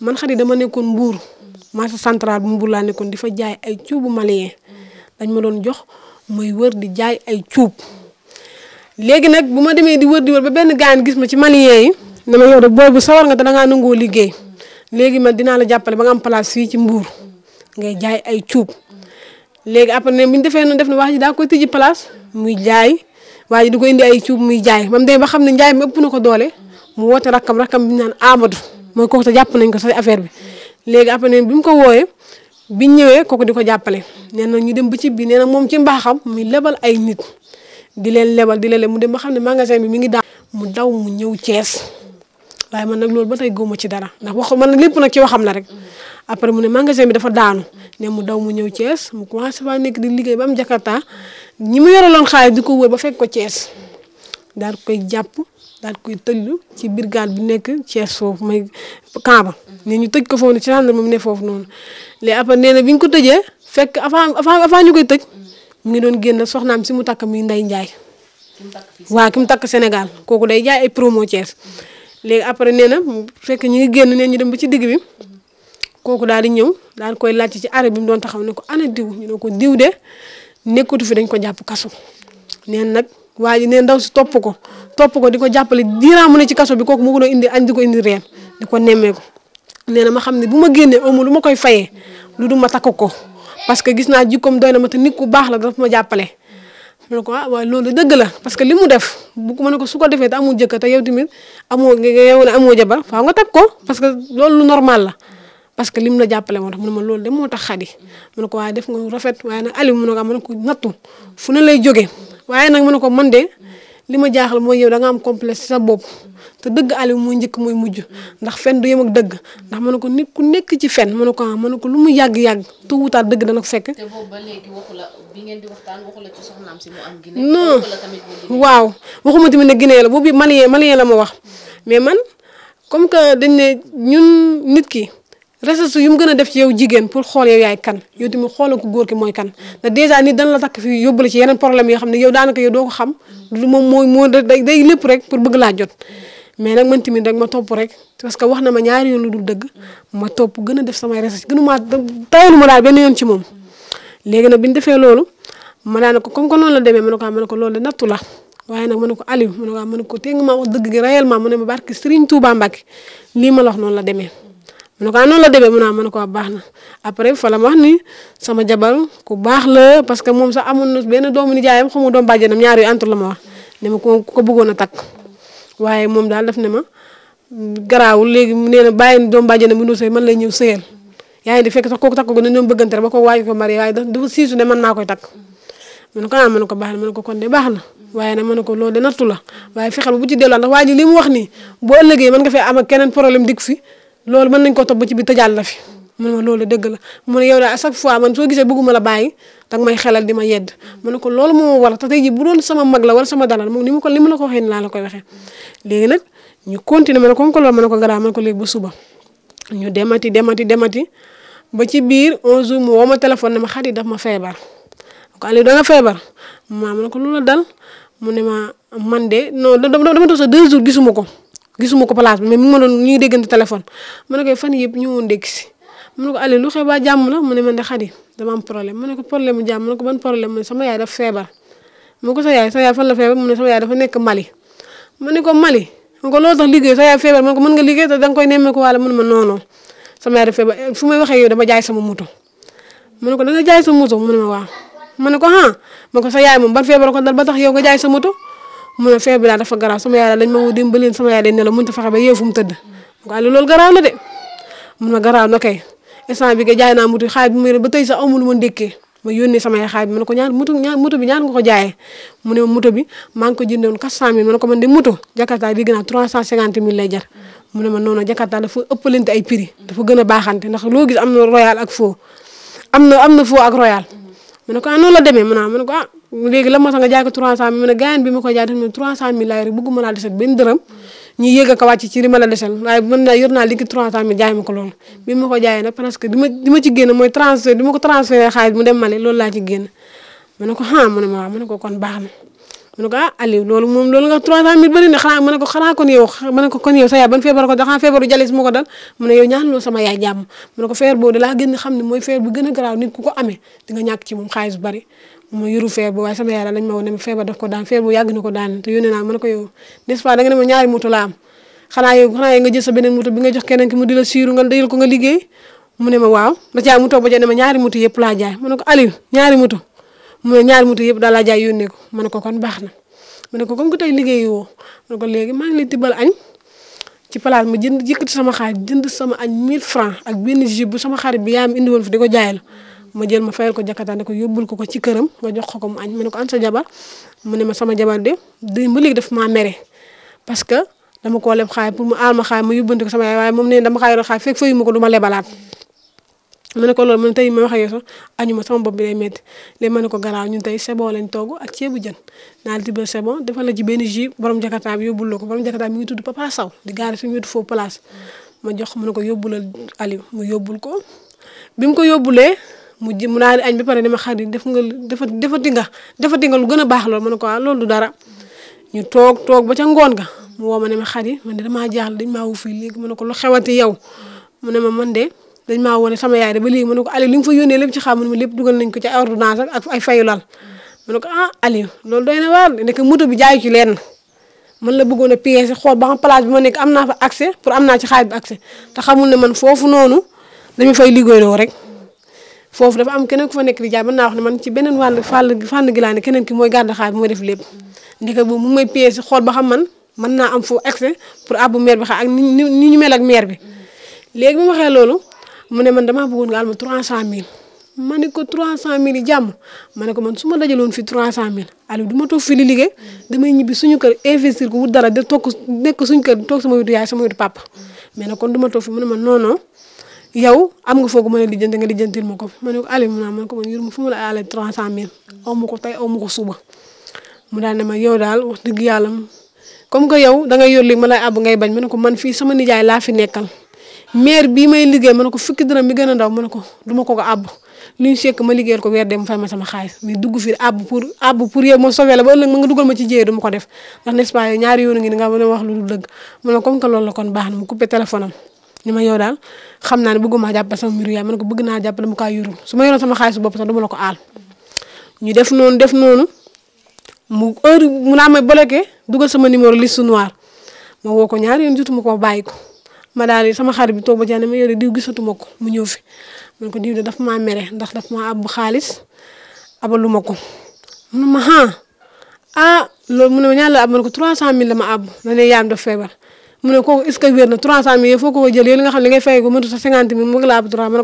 man xarit dama nekkoon mbuur marché central mbuur laa nekkoon di fa jaay ay cuubu malien dañ ma doon jox muy wër di jaay ay cuub léegi nag bu ma demee di wër di wër ba benn gaan gis ma ci malien yi dama yow de booy bu sawar nga ngaa nangoo liggéey léegi man dinaa la jàppale ba nga am place fii ci mbuur ngay jaay ay cuub léegi après ne bu defee noonu def na waa ji daa ko tijji place muy jaay waa ji di ko indi ay cuub muy jaay mam dem ba xam ne njaay mi ëpp na ko doole mu woote rakkam rakkam bi ñu naan Amadou mooy kooku te jàpp nañ ko sa affaire bi léegi après bi mu ko wooyee biñ ñëwee kooku di ko jàppale nee na ñu dem ba ci bii nee na moom ci mbaaxam muy lebal ay nit di leen lebal di leen mu dem ba xam ne magasin bi mi ngi daa mu daw mu ñëw cees waaye man nag loolu ba tey góoma ci dara ndax wax man nag lépp nag ci waxam la rek après mu ne magasin bi dafa daanu ne mu daw mu ñëw Thiès mu commencé faa nekk di liggéey ba am Jakarta ñi mu yoraloon xaalis di ko wër ba fekk ko Thiès daal koy jàpp daal koy tëjlu ci brigade bi nekk Thiès foofu may camp ne ñu tëj ko foofu ne ci gendarme ne foofu noonu léegi après na bi ñu ko tëjee fekk avant avant avant ñu koy tëj mu doon génn soxnaam si mu takk muy Ndeye Ndiaye waaw ki mu takk senegal kooku day jaay ay promo Thiès léegi après nee na fekk ñu ngi génn neen ñu dem ba ci digg bi kooku daal di ñëw daal koy laajte ci arrêt bi mu doon taxaw ne ko ana diw ñu ne ko diw de nekkatu fi dañ ko jàpp kaso neen nag waa ji neen ndaw si topp ko topp ko di ko jàppale diiraa mu ne ci kaso bi kooku mu ko doon indi añ di ko indi reen di ko nemmeeku nee na ma xam ne bu ma génnee amu lu ma koy fayee lu du ma takk ko parce que gis naa jikkoom doy na ma te nit ku baax la dafa ma jàppale mu ne ko ah waaye loolu dëgg la parce que li mu def bu ko ma ko su ko defee te amul jëkkër te yow tamit amoo yow ne amoo jabar faaw nga tag ko parce que loolu lu normal la parce que lim la jàppale moo tax mu ne ma loolu de moo tax xadi ko waaye def nga lu rafet waaye nag Aliou mu ko na ah, ko fu ne lay jógee waaye nag mu ne ko man de li ma jaaxal mooy yow da nga am complexe sa bopp. te dëgg Aliou muy njëkk mooy mujj ndax fen du yem ak dëgg ndax mën na ko nit ku nekk ci fen mën na ko mën na ko lu mu yàgg-yàgg te wutaat dëgg dana ko fekk. te boobu la ngeen di la ci soxnaam si mu am. Guinée non waaw waxuma tamit ne ginee la boobu Malien Malien la ma wax mais man comme que dañ ne ñun nit ki. recherche yu mu gën a def ci yow jigéen pour xool yow yaay kan yow mu xoolal ko góor ki mooy kan te dèjà nit dana la takk fi yóbbu la ci yeneen problème yoo xam ne yow daanaka yow doo ko xam moom mooy moo day lépp rek pour bëgg laa jot mais nag man tamit rek ma topp rek parce que wax na ma ñaari yoon lu dul dëgg ma topp gën a def samay recherche gënu maa tayalu ma daal yoon ci moom. léegi nag bi ñu defee loolu ma daan ko comme que noonu la demee ma ne ko ah ma ne ko loolu de nattu la waaye nag ma ne ko Aliou ma ne ko ah ma ne ko téng maa wax dëgg gi réellement mu ne ma barke Serigne Touba Mbacke lii ma la wax noonu la demee. mu ne ko ah la demee mu ne ah ma ne ko baax na après fa la ma wax ni sama jabar ku baax la parce que moom sax amoon na benn doomu nijaayam xamu doom bàjjenam ñaar yu antu la ma wax ne ma ko ko bëggoon a takk. waaye moom daal daf ne ma garaawul léegi nee na bàyyi doom bàjjana mu dul sëy man la ñëw sëyal yaa ngi di fekk sax kooku takk ko ne ñoom bëggante rek ba ko waaj ko mari waaye dafa siisu ne man maa koy takk mu ko ah ma ko baax na ma ne ko kon baax na waaye nag ma ne ko loolu de nattu la waaye fexeel bu ci delluwaat ndax waa ji li mu wax nii boo ëllëgee mën nga fee am ak keneen problème dikk fi lool mën nañ ko to ba ci bi tëjaal la fi mu ne ma loolu dëgg la mu ne yow daal fois man soo gisee bëgguma la bàyyi danga may xelal di ma yedd mu ne ko loolu moo war te tey ji bu doon sama mag la wala sama dalal moom ni mu ko li mu la ko waxee ni laa léegi nag ñu continuer ma ne ma ne ko garaaw ma ne ko léegi ba suba ñu demati demati demati ba ci biir 11 jours mu woo ma téléphone ne ma xarit daf ma feebar ko Aliou feebar maa ma ne ko lu la dal mu ne ma man de non dama toog sax deux jours gisuma ko gisuma ko place bi mais ma doon ñu ngi déggante téléphone ma ne ko fan yëpp ñëwoon dégg si mu ne ko Aliou lu xew ba jàmm la mu ne man de Xadi dama am problème mu ne ko problème mu jàmm mu ne ko ban problème mu ne sama yaay dafa feebar mu ne ko sa yaay sa yaay fan la feebar mu ne sama yaay dafa nekk Mali mu ne ko Mali mu ne ko loolu tax liggéey sa yaay feebar mu ne ko mën nga liggéey te danga koy nemmeeku waale mu ne ma noonu sama yaay dafa feebar fu may waxee yow dama jaay sama moto mu ne ko danga jaay sa moto mu ne ma waaw mu ne ko ah mu ne ko sa yaay moom ban feebar ko dal ba tax yow nga jaay sa moto mu ne feebar daal dafa garaaw sama yaay dañ ma woo dimbaleen sama yaay dañ ne la mënut a fexe ba yeewu fu mu tëdd mu ne ko Aliou loolu garaaw la de mu ne ma garaaw na kay instant bi nga jaay naa moto xaay bi ma ba tey sax bi ma ne ko ñaar bi mu ne moto bi maa ko jëndee woon ne mu ne ma noonu Jakarta dafa ëppalante ay prix dafa gën a baaxante na royal ak faux am na am na faux ak royal ma ne ko ah noonu la ah ne ko ah la moo tax ma ne gaayen bi ma koy ñu yéeg a ko wàcc ci li ma la desal waaye mën naa ma ko loolu bi mu dem Mali loolu laa ci génn ma ne ko ah mu ne ko kon baax na a ne ko ah Aliou loolu moom loolu nga 300000 bëri na ko kon yow sa yaay ban feebar ko da xanaa feebaru jalis moo ko dal mu ne yow ñaanaloo sama yaay jàmm mu ne ko feebar boobu dalaa gën a xam ne mooy feebar bu gën a garaaw nit ko amee di nga ñàkk ci moom xaalis bu bari ma yuru feebar waaye sama yaay daal dañ ma woon ne feebar daf ko daan feebar bu yàgg na ko daan te yónnee naa ma ne ko yow n'est-ce ne ma ñaari moto laa am xanaa yow xanaa yow nga jël sa beneen moto bi nga jox keneen ki mu di la siiru nga dayal ko nga liggéey mu ne ma ne ma ñaari moto yëpp laa jaay ma ne ko Aliou ñaari moto mu ne moto yëpp daal laa jaay yónnee ko ma ko kon baax na ma ne ko comme que liggéey liggéeyi ma ne ko léegi maa ngi lay tibbal añ ci palaas ma jënd yëkkati sama xaalis jënd sama añ 1000 francs ak benn jus bu sama xarit bi yaa am indi woon fi di ko jaay la ma jël ma fayal ko jakarta ne ko yóbbul ko ko ci këram nga jox ko ko mu añ ma ne ko an sa jabar ma sama jabar de di ba léegi daf maa que dama koo leb xaay pour mu aal ma xaay ma yóbbante ko sama yaay waaye moom nee dama xaay yor xaay fekk ko du ma lebalaat ma ma wax ak yow sax añu ma sama bopp ma ne ko garaaw ñun tey sebon lañ togg ak ceebu jën naa la tibbal sebon defal ci benn jus borom jakarta bi yóbbul la ko borom jakarta bi ngi tudd papa saw di gaari fi mu wetu ma jox ko yóbbulal Aliou mu yóbbul ko bi ko yóbbulee mu ji mu naan añ ba pare dama xarit def nga dafa defati nga defati nga lu gën a baax loolu ma ne ko ah loolu du dara ñu toog toog ba ca ngoon ga mu woo ma ne ma xarit man de damaa jaaxle dañ maa wu fii léegi ma ne ko lu xewati yow mu ma man de dañ maa wone sama yaay de ba léegi ma ne ko Aliou li nga fa yónnee lépp ci xam ma lépp dugal nañ ko ci ordonnance ak ay fayulal ma ne ko ah Aliou loolu na waar nekk bi jaayu ci lenn man la bëggoon a piéger xool ba xam place bi ma nekk am naa fa accès pour am naa ci xaalis bi accès te xamul ne man foofu noonu dañu fay liggéeyloo rek foofu dafa am keneen ku fa nekk di jaay mën naa wax ne man ci beneen wàll fàll fànn gi laa ne keneen ki mooy garde xaar mooy def lépp ndeke bu mu may pièce xool ba xam man mën naa am foofu accès pour àbbu maire bi xaar ak ni ni ñu mel ak maire bi léegi bi ma waxee loolu mu ne man dama damaa bëggoon nga àll ma 300000 ma ne ko 300000 yi jàmm ma ne ko man su ma dajaloon fi cent mil du ma toog fii di liggéey damay ñibbi suñu kër investir ko wut dara da toog nekk suñu kër toog sama witu yaay sama witu papa mais nag kon du ma toog yow am nga foo ko mën a nga lijjantil ma ko ma ne ko Aliou ma ne ko man yuruma fu daal ne ma yow daal wax dëgg yàlla comme que yow da ngay yor ma lay àbb ngay bañ ma ne ko man fii sama nijaay laa fi nekkal maire bii may liggéey ma ne ko fukki dërëm mi gën a ndaw ma ne ko du ma ko ko àbb li ñu sekk ma liggéeyal ko weer dee mu fay ma sama xaalis mais dugg fi àbb pour àbb pour yow ma sauvé la ba ëllëg ma nga dugal ma ci jéyee du ma ko def ndax n'est-ce pas nga mën a wax lu dul dëgg ma ne comme que loolu la kon baax na mu coupé téléphone am ni ma yow daal xam naa ma bëgguma jàppale sama mbiru yaay man ko bëgg naa jàppale mu kaa yuru su ma yoroon sama xaalisu bopp sax dama la ko aal ñu def noonu def noonu mu heure mu naa may bloqué dugal numéro liste noire ma ko ñaari yoon jotuma ko bàyyi ko ma daal sama xarit bi toog ba jaane ma yore diw gisatuma ko mu ñëw fi man ko diw daf maa mere ndax daf maa ab xaalis abaluma ko mun ma ah, ah loolu mu ne ma ñaan la man ko 300000 la ma ab na ne yaam daf feebar. mu ne kooku est-ce que wér na 300000 foo ko ko jël yéen nga xam ne ngay fay ko mënut a 50000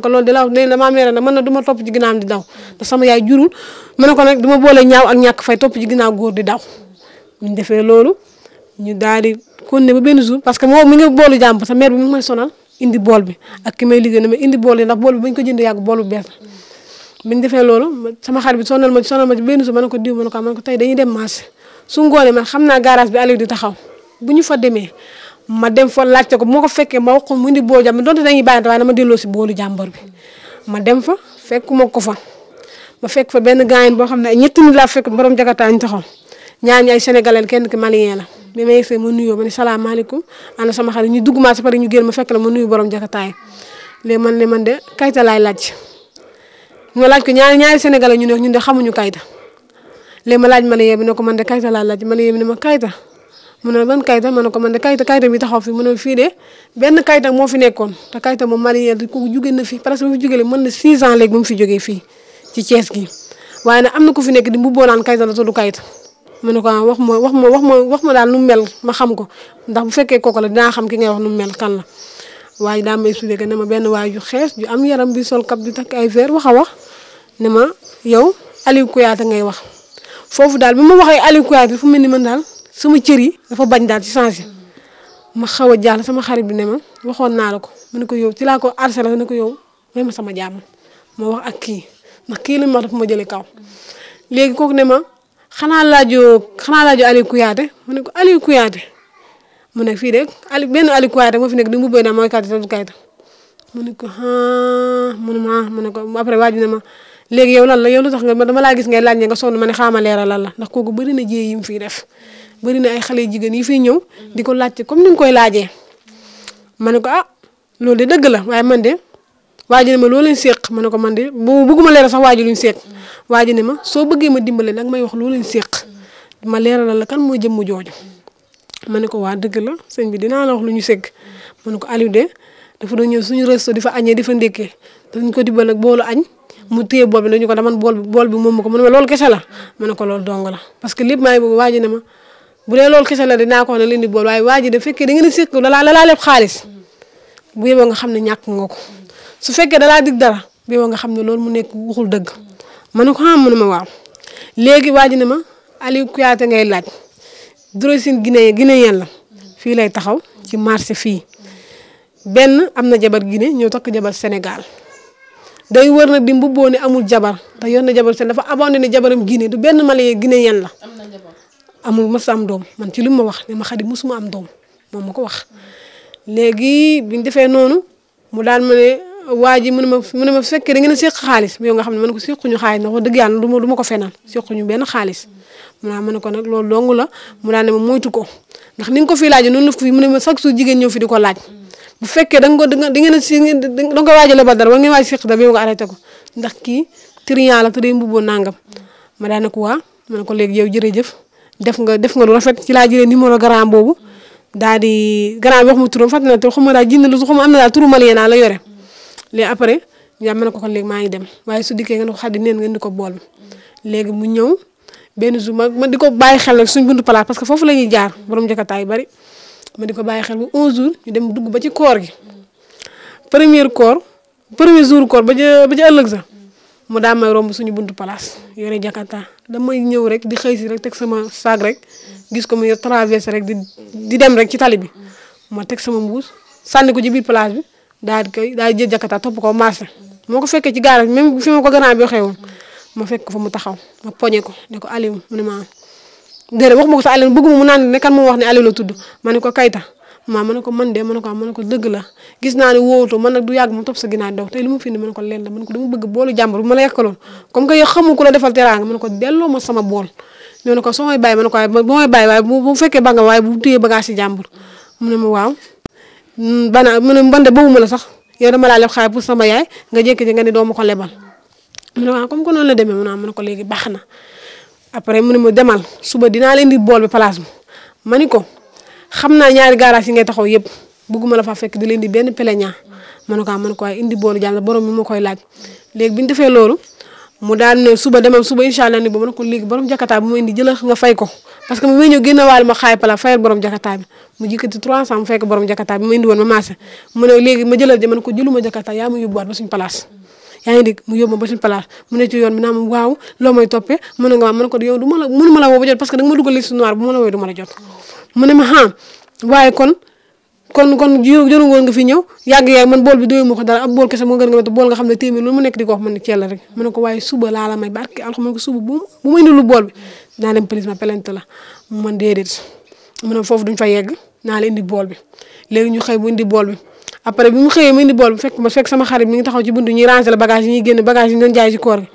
ko loolu de la wax nee na maa mere nag man na du topp ci ginnaawam di daw ndax sama ma di daw buñ benn jour parce que moom mi ngi boolu jàmb sa mère bi mi ngi may sonal indi bool bi ak na indi bool yi bool bi bañ ko jëndee yàgg bool bu bees biñ defee loolu sama bi sonal ma ci ma ci benn jour ma ne ko diw ma ne ko ma ne ko tey dañuy dem marché su ngoonee man xam naa garage bi Aliou di taxaw bu ñu fa demee ma dem fa laajte ko moo ko fekkee ma wax ko mu indi boolu jàmbur donte dañuy bàyyante waaye dama delloo si boolu jàmbur bi ma dem fa fekkuma ko fa ma fekk fa benn gaayen boo xam ne ñetti laa fekk borom jagataa ñu taxaw ñaar ñi ay sénégalais kenn ki malien la bi ma yegsee ma nuyoo ma ne salaamaaleykum ana sama xarit ñu dugg maa pare ñu génn ma fekk la ma nuyu borom jagataay léegi man ne man de kayta laay laaj ma laaj ko ñaari ñaari sénégalais ñu ne ñun de xamuñu kayta léegi ma laaj ma bi ne man de kayta laay laaj malien bi ne ma kayta mu ne ban kayita ma ne ko man de kayita kayita bi taxaw fi mu ne fii de benn kayita moo fi nekkoon te kayita moom marié ku jóge na fi parce que bu fi jógee mën na 6 ans léegi bu mu fi jógee fii ci Thiès gi waaye nag am na ku fi nekk di mbubboo naan kayita la tudd kayita mu ne ko ah, wax ma wax ma wax ma wax ma daal nu mu mel ma xam ko ndax bu fekkee kooku la dinaa xam ki ngay wax nu mu mel kan la waaye daa may expliqué ne ma benn waay ju xees ju am yaram bi sol kap bi takk ay verre wax a wax ne ma yow Aliou Kouyaté ngay wax foofu daal bi ma waxee Aliou Kouyaté fu mel ni man daal sama cër yi dafa bañ daal ci changé ma xaw a jàll sama xarit bi ne ma naa la ko mu ne ko yow ci laa ko harcelé ne ko yow may ma sama jàmm ma wax ak kii kii la ma ma jëlee kaw léegi kooku ne ma xanaa laajoo xanaa laajoo mu ne ko Aliou mu ne fii rek Aliou benn Aliou Kouyaté moo fi nekk di mu béy naa mooy kàddu mu ne ko ah mu ma ah mu ne ko après waaj na ma léegi yow lan la yow gis ngay laaj ne nga sonn ma ne xaama leeral lan la ndax kooku bari na jéey yi mu fiy def. bëri na ay xale jigéen yi fiy ñëw di ko laajte comme ni nga koy laajee ma ne ko ah loolu de dëgg la waaye man de waa ne ma lool leen ma ne ko man de bu bëgguma leeral sax waa ji luñ séq waa ji ne ma soo bëggee ma dimbale nag may wax loo leen séq ma leeralal la kan mooy jëmm jooju ma ne ko waa dëgg la sëñ bi dinaa la wax lu ñu séq ma ne ko Aliou de dafa ñëw suñu resto di fa añee di fa ndékkee dañ ko dibbal ak boolu añ mu téye bool bi dañu ko daman bool bi bool bi moom ma ko mu ne ma loolu kese la ma ne ko loolu dong la parce que lépp maa ngi bëgg waa ne ma bu dee loolu kese la dinaa ko wax ne la indi bool waaye waa ji da fekkee da ngeen a séq lalaa lalaa lépp xaalis bu yeboo nga xam ne ñàkk nga ko su fekkee dalaa digg dara bu yeboo nga xam ne loolu mu nekk waxul dëgg ma ne ko xam ah, mu ne ma waaw léegi waa ji ne ma Aliou Kouyaté ngay laaj drosine Guinée guinéen la fii lay taxaw ci marché fii benn am na jabar Guinée ñëw takk jabar Sénégal day wër nag di mbubboo ne amul jabar te yor na jabar seen dafa abonné ne jabaram Guinée du benn malien guinéen la amul mës am doom man ci li ma wax ne ma xadi mësuma am doom moom ma ko wax. léegi biñ defee noonu mu daal ma ne waa ma mu ne ma fekkee da a séq xaalis mais ne ko séquñu xaalis ndax wax dëgg yàlla du ma du ma ko fenal séquñu benn mu naa ma ne ko nag loolu dong la mu daal ma moytu ko ndax ni nga ko fi laajee noonu la fi mu ne ma chaque jour jigéen ñëw fi di ko laaj. bu fekkee da ko da nga ngeen a si da nga ko waajale ba dara war ngeen waaj séq dara yow nga arrêté ko ndax kii triant la te day mbubboo nangam ma daal ne ko waa ma ne ko léegi yow jërëjëf def nga def nga lu rafet ci laa jëlee numéro grand boobu daal di grand bi wax mu turam fàttali na te xuma daal jënd lu xuma am na daal turu malien la yore léegi après yaa ma ne ko kon léegi maa ngi dem waaye su dikkee nga ne neen nga indi ko bool léegi mu ñëw benn jour ma di ko bàyyi xel rek suñ buntu palaas parce que foofu la ñuy jaar borom jëkkataay yu bari ma di ko bàyyi xel bu 11 jours ñu dem dugg ba ci koor gi premier koor premier jour koor ba ca ba ca ëllëg sax mu daa may romb suñu buntu palaas yore jakarta damay ñëw rek di xëy rek teg sama saag rek gis ko muy traversé rek di di dem rek ci tali bi ma teg sama mbuus sànni ko ci biir palaas bi daa di koy daal di jël jakarta topp ko marché moo ko fekkee ci gaar même fi ma ko gannaaw bi xewoon ma fekk ko fa mu taxaw ma poñe ko ne ko Aliou mu ne ma déedéet waxuma ko sa Aliou bëgguma mu naan ne kan wax ne Aliou la tudd ma ne ko Kayta maa ma ne ko man de ma na ko ma ne ko dëgg la gis naa ne wóowatoo man nag du yàgg mu topp sa ginnaaw dox tey li mu fi indi ne ko leen la ma ne ko dama bëgg boolu jàmbur bu ma la yàkkaloon ko delloo ma sama bool ñoo ne ko soo may bàyyi ma ne ko waaye bu may bàyyi waaye bu fekkee ba nga waaye bu téyee bagage ma waaw bana mu ne man de la sax yow dama laa leb xaay pour sama yaay nga jékki-jékki nga ne doo ma lebal mu ne waaw comme que noonu la demee mu ne ko léegi baax na après mu ne ma demal suba dinaa leen di bool bi place ma ma ni ko xam naa ñaari garage yi nga taxaw yëpp bëgguma la fa fekk di leen di benn plaignant ma ne ko ah, mën ko waaye indi boolu jàll borom mi ma koy laaj léegi bi ñu defee loolu mu daal ne suba demam suba incha allah ni ba mën ko léegi borom jakataa bi mu indi jëla nga ko parce que mu may ñëw génn mu indi woon ma maase mu ne léegi ma jëlal ja ma ko jëluma jakataa yaa ma yóbbuwaat ba suñ place yaa ngi dégg mu yóbbu ma ba suñu place mu ne ci yoon bi naa ma waaw loo may toppee mu ne nga waaw ma ne ko yow du la mënu woo ba jot parce que da ma dugal liste noire bu ma la wooyee du ñëw yàgg yaay man bool bi doyu ma ko dara ab bool kese moo gën nga mett bool nga xam ne téeméer loolu mu nekk di ko wax ne ceel la mu ne ko waaye suba laa la barke alxam ne suba bu bu may indilu bool bi naa dem police ma plainte la man déedéet mu ne foofu duñ fa yegg naa la indi bool bi léegi ñu xëy bu indi bool bi après bi mu xëyee mu indi bool bu fekk ma fekk sama xarit mi ngi taxaw ci buntu ñuy ranger la bagage yi ñuy génn bagage yi ñu jaay ci koor gi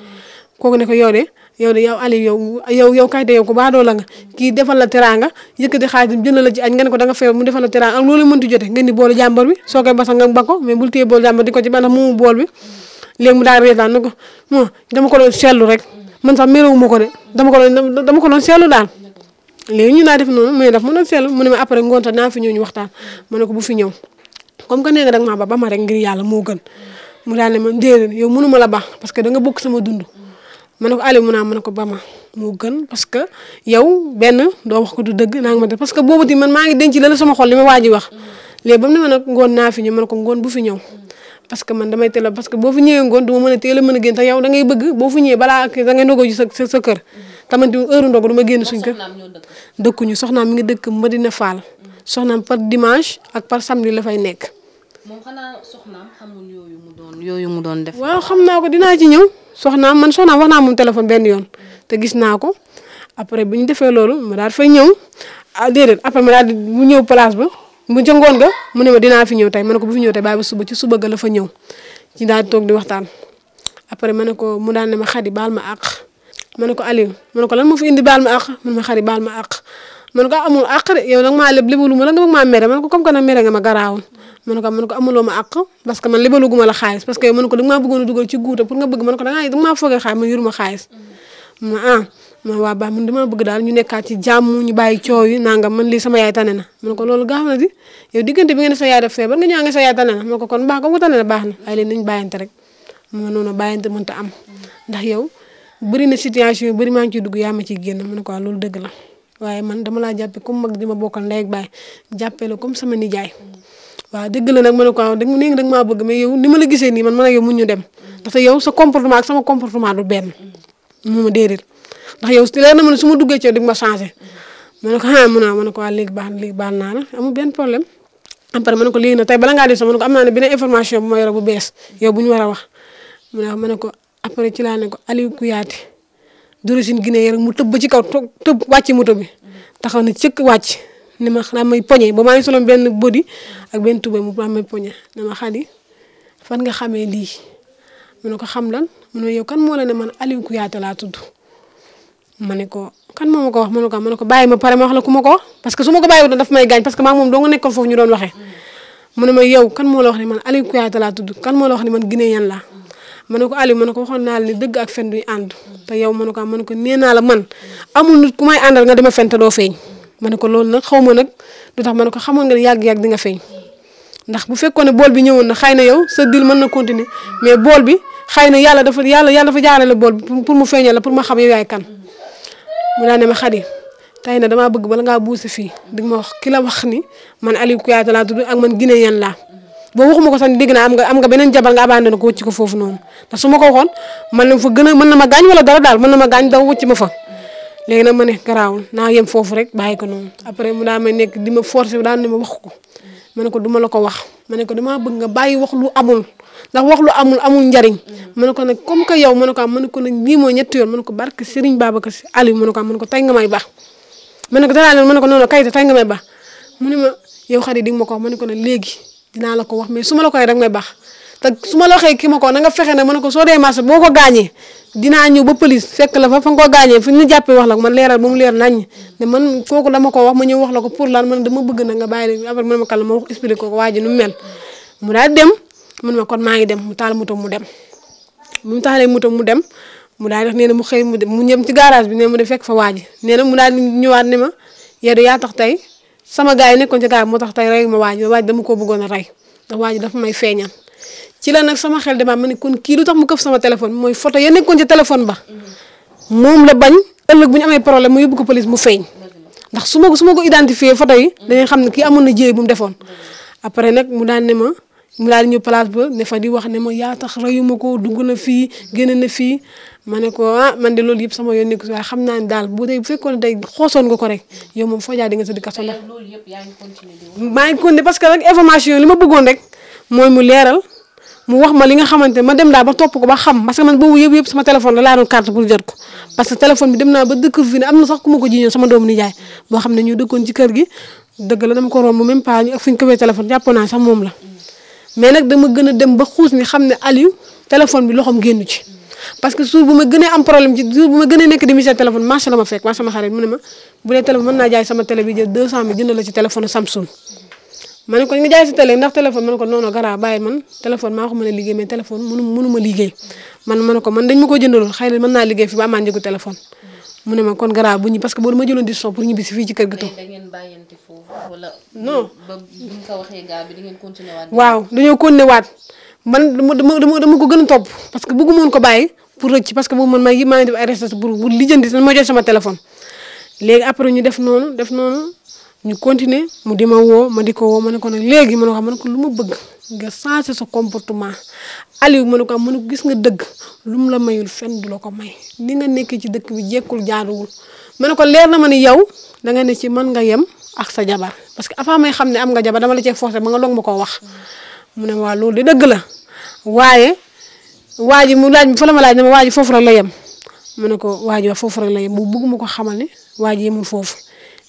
kooku ne ko yow de yow de yow Aliou yow yow kay de yow ko baadoo la nga kii defal la teraanga yëkkati xaalis jënd la ci añ nga ne ko da nga feebar mu defal la teraanga ak loolu mënti jote ngeen di boolu jàmbar bi soo koy basa nga ba ko mais bul téye boolu jàmbar di ko ci bandax moomu bool bi léegi mu daal reetaan na ko mo dama ko doon seetlu rek man sax ko de dama ko doon ñu naa def noonu mu ne daf ma doon seetlu mu ne ma après waxtaan ma ne ko fi ñëw comme que nee nga da nga maa ba ba ma rek ngir yàlla moo gën mu daal ne ma déedéet yow mënu ma la ba parce que da nga bëgg sama dund ma ne ko Aliou mu naa ma ne ko ba moo gën parce que yow benn doo wax ko dëgg naa nga ma def parce que boobu ngi denc la sama xol li ma waa wax léegi ba mu ne ma nag ngoon naa fi bu fi ñëw parce que man damay teel a parce que boo fi ñëwee ngoon du a teel a mën a génn te yow da ngay bëgg boo fi ñëwee balaa da ngay ndogoo sa kër tamit heure ndogu du ma génn suñ kër dëkkuñu soxnaam mi ngi dëkk Madina Fall soxnaam par dimanche ak par samedi la fay nekk moom xanaa soxnaam xamul yooyu mu doon yooyu mu doon def. waaw xam naa ko dinaa ci ñëw soxnaam man soxnaam wax naa moom téléphone benn yoon te gis naa ko après bi ñu defee loolu ma daal fay ñëw ah déedéet après ma daal mu ñëw place ba mu jëngoon ga mu ne ma dinaa fi ñëw tey ma ne ko bu fi ñëw tey bàyyi ba suba ci suba ga la fa ñëw ci daal di toog di waxtaan après ma ne ko mu daal ne ma xadi baal ma àq ma ne ko Aliou ma ne ma àq baal ma àq. man ko amul àq de yow nag maa leb lebalu ma nag dama maa mere man ko comme que nag mere nga ma garaawul man ko man ko amuloo ma àq parce que man lebalu guma la xaalis parce que yow man ko da nga maa bëggoon a dugal ci guuta pour nga bëgg man ko da ngaa da nga maa foogee xaalis man yoruma xaalis ma ah man waa baax man damaa bëgg daal ñu nekkaat ci jàmm ñu bàyyi coow yi nangam man lii sama yaay tane na man ko loolu gaaw na di yow diggante bi nga ne sa yaay def feebar nga ñëwaat nga sa yaay tane na man ko kon baax ko tane na baax na waaye léegi nañ bàyyante rek ma noonu bàyyante mënta am ndax yow bëri na situation bëri maa ngi ciy dugg yaa ma ciy génn man ko loolu dëgg la waaye man dama laa jàppee comme mag di ma bokkal ndey ak baay jàppee la comme sama nijaay waaw dëgg la nag ma ne ko da nga da nga maa bëgg ma yow ni ma la gisee nii man ma ak yow mu ñu dem ndaxte yow sa comportement ak sama comportement du benn mu ma déedéet ndax yow leer na ma ne su ma duggee ci yow di ma changé ma ne ko ah mu naa ma ko waa léegi baax na léegi baax naa la amul benn problème après ma ne ko léegi nag tey bala ngaa def sax ma ko am naa ne beneen information bu ma yore bu bees yow bu ñu war a wax mu ne ma ne ko après ci laa ko Aliou Kouyaté d'origine guinéen rek mu tëb ba ci kaw tëb wàcc moto bi taxaw na cëkk wàcc ni ma daa may poñe ba maa ngi soloon benn body ak benn tubéy mu daa may poñe ne ma xadi nga lii mu ne ko xam lan mu ne yow kan moo la ne man laa tudd ma ne ko kan moo ma ko wax ma ne ko ma ne ko bàyyi ma pare ma wax la ku ko parce que su ma ko bàyyiwutoon daf may gaañ parce que maa moom doo nga nekkoon foofu ñu doon waxee mu ne ma yow kan moo la wax ne man Aliou Kouyaté laa tudd kan la wax ne man guinéen laa ma ne ko Aliou ma ne ko waxoon naa la ni dëgg ak fen duy ànd te yow ma ne ko ma ne ko nee naa la man amul nit ku may àndal nga dama fen te doo feeñ ma ne ko loolu nag xaw ma nag du tax ma ne ko xamoon nga yàgg-yàgg di nga feeñ ndax bu fekkoon ne bool bi ñëwoon na xëy na yow sa mën na continuer mais bool bi xëy na yàlla dafa yàlla yàlla dafa jaarale bool bi pour mu feeñal la pour ma xam yow yaay kan mu daa ne ma tey na damaa bëgg bala ngaa buusi fii di ma wax ki wax ni man ali Aliou Kouyaté laa tudd ak man guinéen laa boo waxuma ko sax dégg naa am nga am nga beneen jabar nga abandonné ko wëcc ko foofu noonu ndax su ma ko waxoon man na fa gën a mën na ma gaañ wala dara daal mën na ma gaañ daw wëcc ma fa léegi ma ne garaawul naa yem foofu rek bàyyi ko noonu après mu daa may nekk ma forcé daal di ma wax ko ma ne wax ma ne ko damaa bëgg nga bàyyi wax lu amul ndax wax lu amul amul njariñ ma ne ko nag comme que yow ma ne ko am ma ne ko nag lii mooy ñetti ko barke Serigne Babacar Sy ko am ma ne ko tey nga may baax ma ne ko danaa leen ma ne ko noonu ma ko ma ne ko nag léegi dinaa la ko wax mais su ma la ko waxee rek may baax te su ma la waxee kii ma ko na nga fexe ne ma ne ko soo dee marché boo ko gaañee dina ñëw ba police fekk la fa fa nga ko gaañee fi ñu jàppee wax la ko man leeral ba leer nañ ne man kooku dama ko wax ma ñëw wax la ko pour lan man dama bëgg na nga bàyyi la après man ma kàlla ko waa ji nu mu mel. mu daal dem man ma kon maa ngi dem mu taal moto mu dem bi mu taalee moto mu dem mu daal def nee na mu xëy mu dem mu ñëm ci garage bi nee mu def fekk fa waa nee na mu daal ñëwaat ne ma yow yaa tax tey sama gaa yi nekkoon ci gaal moo tax tey rey ma waaj waaj dama ko bëggoon a rey ndax waaj dafa may feeñal ci la nag sama xel demaat ma ne kon kii lu tax mu këf sama téléphone mooy photo ya nekkoon ci téléphone ba moom la bañ ëllëg bu amee problème mu yóbbu ko police mu feeñ ndax su ma su ma ko identifié photo yi dañuy xam ne kii amoon na jéey mu defoon après nag mu daan ne ma mu daal di ñëw place ba fa di wax ne ma yaa tax reyu ma ko dugg na fii génne na fii ma ne ko ah man de loolu yëpp sama yoon nekku si naa ne daal bu dee bu fekkoon tey xoosoon nga ko rek yow moom foo jaar di nga sëdd kaso ndax que rek li ma bëggoon rek mooy mu leeral wax ma li nga xamante ma dem daal ba topp ko ba xam parce sama téléphone la laa doon carte pour jot ko que téléphone bi dem naa ba dëkk fii sax ku ko jiñoon sama doomu nijaay boo xam ne ñu dëkkoon ci kër gi dëgg la dama ko romb même pas ñu ak fi ñu ko wee téléphone jàppoon naa sax moom la mais nag dama gën a dem ba xuus ni xam ne Aliou téléphone bi loxoom génnu ci parce que suur bu ma gënee am problème suur bu ma gënee nekk di misère téléphone marché la ma fekk marché sama xarit mu ne ma bu dee téléphone ma ne ma liggéey man ma ne ko man dañ ma ko jëndaloon xëy na naa liggéey fi ba amaan njëgu téléphone mu ne ma kon garaaw bu ñu parce que boo ma jëloon décision pour ñibbi si fii ci kër gi toog. waaw dañoo continuer waat man dama dama dama ko gën a topp parce que bëggu moon ko bàyyi pour rëcc parce que boobu man maa ngi maa ngi def ay recherche pour pour lijjanti ma jot sama téléphone. léegi après ñu def noonu def noonu ñu continuer mu di ma woo ma di ko woo ma ne ko nag léegi ma ne ko ma ne ko lu ma bëgg nga changé sa comportement Aliou ma ne ko ma ne ko gis nga dëgg lu mu la mayul fenn du la ko may ni nga nekkee ci dëkk bi jekkul jaaduwul. ma ne ko leer na ma ni yow da nga ne ci man nga yem ak sa jabar parce que avant may xam ne am nga jabar dama la cee forcé ba nga doog ma koo wax. mu na ma waa loolu de dëgg la waaye waa ji mu laaj fa la ma laaj ne ma waa foofu rek la yem mu ne ko waa ji foofu rek la bu bëgg ma ko xamal ni waa ji yemul foofu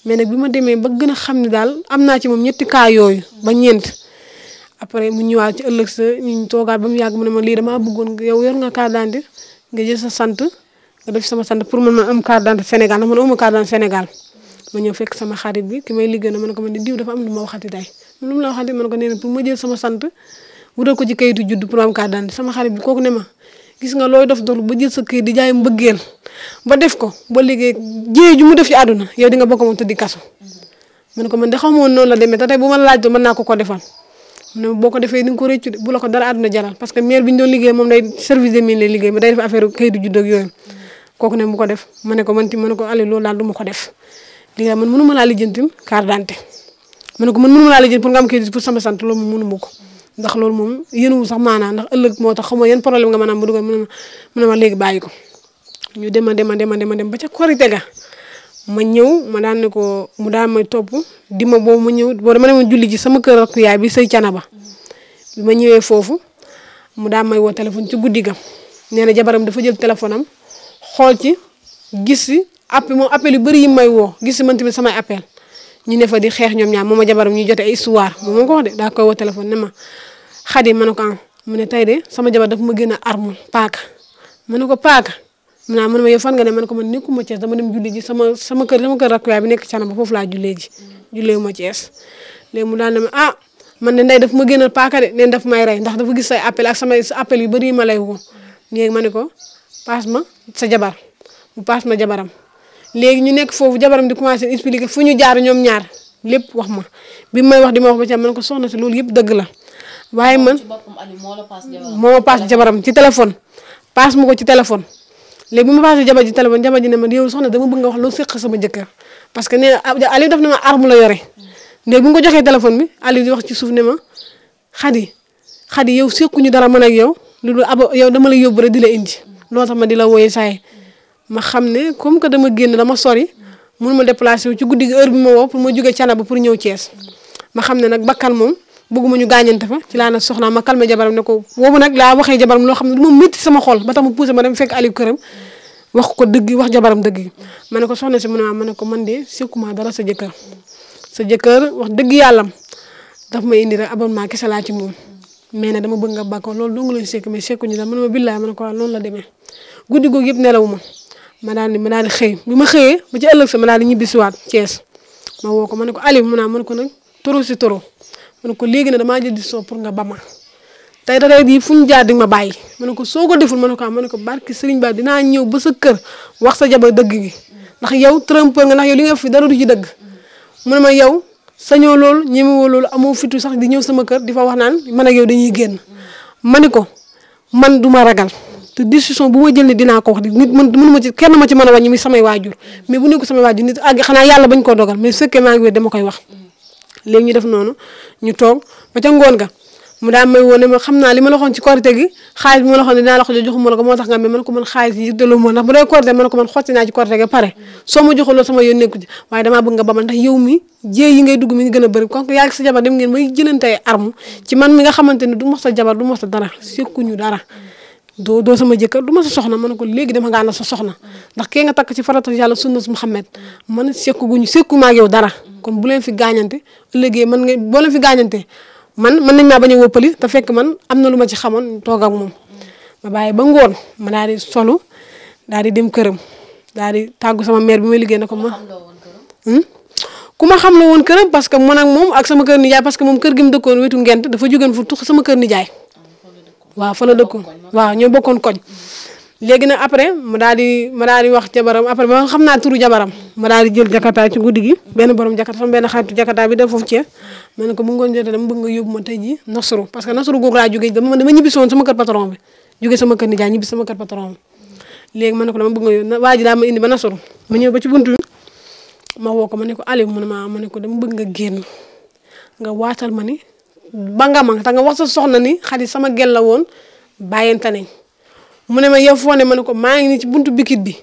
mais nag bi ma demee ba gën a xam ni daal am naa ci moom ñetti kaa yooyu ba ñeent après mu ñëwaat ci ëllëg sa ñu toogaat ba mu yàgg mun ne ma lii damaa bëggoon yow yor nga carte d'identité nga jël sa sant nga def sama sant pour man ma am carte d'identité senegal ndax man amuma carte d'identité Sénégal ma ñëw fekk sama xarit bi ki may liggéey na ma ne ko man diw dafa am lu ma waxati ma ne ko nee na looy def doolu ba jël sa kayit di def ko ba liggéey jiyee ju mu def ci àdduna yow la demee bu ma ko ko defal mu ne boo ko defee ni nga ko réccu bu la ko dara àdduna jaral parce que maire bi ñu mu ko def ma ne ko man ti ma ne ko allez loolu daal du ma ko def di nga man mënu ma laa lijjanti carte d'identité ma ne ko man mënu ma laa lijjanti pour nga am crédit pour sama sant loolu moom mënu ma ko ndax loolu moom yéenuwul sax maanaam ndax ëllëg moo tax xamoo yan problème nga maanaam bu dugal mën na ma léegi bàyyi ko ñu dema dema dema dema dem ba ca korite ga ma ñëw ma daan ne ko mu daan may topp di ma boobu ma ñëw boo dama ne ma julli ji sama kër rakku yaay bi sëy canaba bi ma ñëwee foofu mu daan may woo téléphone ci guddi ga nee na jabaram dafa jël téléphone am xool ci gis appel moom appel yu bëri yi may woo gis man tamit sama appel ñu ne fa di xeex ñoom ñaar mooma jabaram ñu jote ay histoire moom ko wax de daa koy woo téléphone ne ma xadi ma ne ko ah mu ne tey de sama jabar daf ma gën a armul paaka ma ne ko paaka mu ah man ma nga ne man ko man nekkuma Cees dama dem julli ji sama sama kër sama kër nekk cana ba foofu laa jullee ji jullee ma Cees léegi mu daal ne ah man de ndey ma gën a paaka de neen daf may rey ndax dafa gis say appel ak samay yu bëri yi ma lay woo ma ne ko paas ma sa jabar mu paas ma jabaram léegi ñu nekk foofu jabaram di commencé expliquer fu ñu jaar ñoom ñaar lépp wax ma bi may wax di ma wax ba ci man ko soxna si loolu yëpp dëgg la waaye man moo ma paas jabaram ci téléphone paas ma ko ci téléphone léegi bu ma paasee jabar ji téléphone jabar ji ne man yow soxna dama bëgg nga wax loo séq sama jëkkër parce que nee na ah, Aliou daf na ma arme la yore léegi bu nga joxee téléphone bi Aliou di wax ci suuf ne ma xadi xadi yow séquñu dara man ak yow loolu ab yow dama la yóbbu rek di la indi loo tax ma di la wooyee saay ma xam ne comme que dama génn dama sori mun ma déplacé wu ci guddi bi ma woo pour ma jóge pour ñëw Thiès ma xam ne nag bakkal moom bëgguma ñu gaañante fa ci laa nag soxnaa ma calmé jabaram ne ko boobu nag laa waxee jabaram loo xam ne du ma métti sama xol ba tax mu poussé ma dem ko dëgg wax jabaram dëgg yi ma ne ko soxna si mu ne ma ma ne ko man de sekkuma dara sa jëkkër sa jëkkër wax dëgg yàlla daf ma indi rek abonnement kese laa ci moom mais ne dama bëgg nga bakko loolu dong lañ sekk mais sekkuñu dara man ma billaay ma ne ko waaw noonu la demee guddi googu yëpp nelawuma man daal di ma daal di xëy bi ma xëyee ba ci ëllëg sa ma ñibbi di ñibbisiwaat Thiès ma woo ko ma ne ko Aliou mu naa ma ne ko nag toro si toro ma ne ko léegi nag damaa jël décision pour nga ba ma tey da yi fu ñu jaar di ma bàyyi ma ne ko soo ko deful ma ne ko ah ma ne ko barki dinaa ñëw ba sa kër wax sa jabar dëgg gi ndax yow trompeur nga ndax yow li nga fi dara du ci dëgg mu ne ma yow sañoo loolu ñemewoo loolu amoo fitu sax di ñëw sama kër di fa wax naan man a yow dañuy génn ma ne ko man duma ragal te décision bu ma jël ne dinaa ko wax nit mën mënuma ci kenn ma a wàññi samay waajur mm. mais bu nekku samay waajur nit àgg xanaa koy wax mm. léegi noonu ñu toog ba ca ga mu daal may woon ma xam naa li ma la waxoon ci korite gi xaalis bi ma la waxoon ne dinaa la ko joxuma la ko moo tax nga mais man ko man xaalis yi delloo ma ndax bu dee korite man ko man xotti naa ci korite gi pare mm. soo ma joxul loolu sama yoon nekku ci waaye damaa bëgg ba man ndax yow mi jéey yi ngay dugg mi gën a bari kon yaa ngi sa jabar dem ngeen may jëlantee arme ci man mi nga xamante ne du ma sa jabar du ma sa dara sekkuñu dara doo doo sama jëkkër du ma sa soxna ma ne ko léegi dama ngaa na sa soxna ndax kee nga takk si farata yàlla sunna Muhammad man sekku guñu sekku ma ak yow dara kon bu leen fi gaañante ëllëgee man nga boo leen fi gaañante man mën nañ maa bañ a wóppali te fekk man am na lu ma ci xamoon toog ak moom ma bàyyi ba ngoon ma daal di solu daal di dem këram daal di tàggu sama mère bi may liggéey na ko ma hmm? ku ma xam la woon këram parce que man moom ak sama kër nijaay parce que moom wetu ngent dafa jógeen fu sama kër nijaay waaw fa la dëkkoon waaw ñoo bokkoon koñ mm-hmm. léegi nag après ma daal di ma daal di wax jabaram après ba xam naa turu jabaram ma daal di jël jakarta ci guddi gi mm-hmm. benn borom jakarta sama benn xaritu jakarta bi def foofu cee ma ne ko mu ngoon jotee dama bëgg nga ma tey ji nasru parce que nasru googu laa jógee woon sama mm-hmm. dama bëgg nga yóbbu waa ji daal ma indi ba nasru ma ñëw ba ci buntu bi ma woo ko ma ne ko ali mu ne ma ma ne ko dama bëgg nga génn nga waatal ma ni ba nga ma te nga wax sa soxna ni xadi sama gel la woon bàyyante nañ mu ne ma yow foo ne ma ne ko maa ngi ni ci buntu bikit bi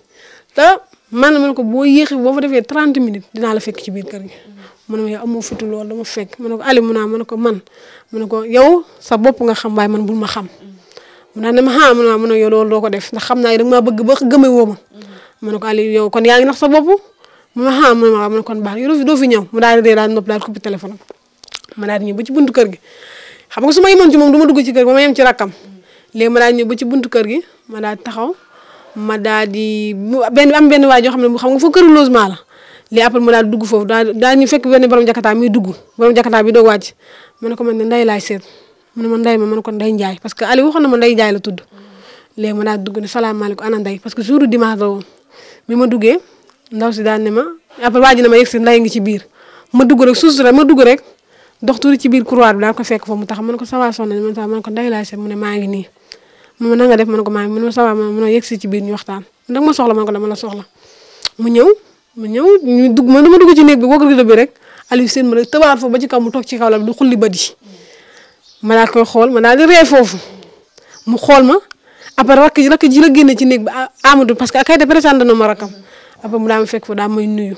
te man ma ne ko boo yéexee boo fa defee 30 minutes dinaa la fekk ci biir kër gi. mu ne ma yow amoo fitu loolu dama fekk ma ne ko Aliou naa ah, ma ne ko man ma ne ko yow sa bopp nga xam waaye man bul ma xam. mu naa ah, ne ma ah mu naa ah, ma ne yow ko def ndax xam naa ne bëgg ba gëmee woo ma. ma ne ko Aliou yow kon yaa ngi nax sa bopp mu ne kon baax yow doo fi ñëw mu daal di dee daal nopp daal di coupé téléphone ma daal di ñëw ba ci buntu kër gi xam nga su ma yemoon ci moom du ma dugg ci kër gi ba ma yem ci ma daal di ñëw ba ci buntu kër gi ma daal di taxaw ma daal di benn am benn waay joo xam ne xam nga foo këru logement la lii après ma daal dugg ñu fekk benn borom jakataa muy dugg borom jakataa bi doog wàcc ma ne ko man de nday laay ma nday ma ma ne ko nday njaay parce que Aliou waxoon na ma nday njaay la tudd léegi ma daal dugg ne salaamaaleykum ana nday parce que jour dimanche la woon bi ma duggee ndaw si daal ne ma après waa ji ne ma yegg si nday ngi ci biir ma dugg rek suus rek ma dugg rek dox tuuti ci biir couloir bi daal ko fekk fo mu tax man ko ça va soxna man ko day laay mu ne maa ngi nii man na nga def man ko maa ngi man ça ma yegg si ci biir ñu waxtaan ndax ma mu ñëw ñu dugg man dama dugg ci néeg bi wokk bi rek Aliou Sène ma la tëbaat foofu ba ci kaw mu toog ci kaw la du xulli bët yi ma daal xool ma daal di ree foofu mu xool ma après rakk ji ji la génne ci néeg bi Amadou parce que kay te présenté na ma rakkam après mu daa ma fekk foofu may nuyu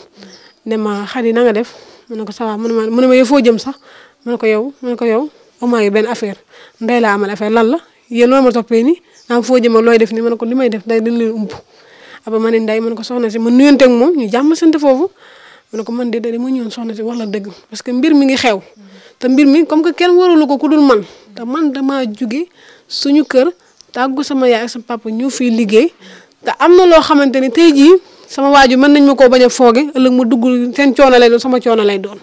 ne ma xarit na nga def mu ne ko ça va mu ma mu ne foo jëm sax mu ne ko yow mu ne ko yow amaa ngi benn affaire ndey laa amal affaire lan la yéen loolu ma toppee nii am foo jëm looy def nii mu ne ko li may def day dañ leen ump aba ma ne ndey mu ko soxna si ma nuyonte ak moom ñu jàmm sant foofu mu ne ko man de da ma ñëwoon soxna si wax la dëgg parce que mbir mi ngi xew te mbir mi comme que kenn waralu ko ku dul man te man damaa jóge suñu kër tàggu sama yaay ak sama papa ñëw fii liggéey te am na loo xamante ni tey jii sama waaju mën nañ ma koo bañ a fooge ëllëg ma dugg seen coono lay doon sama coono lay doon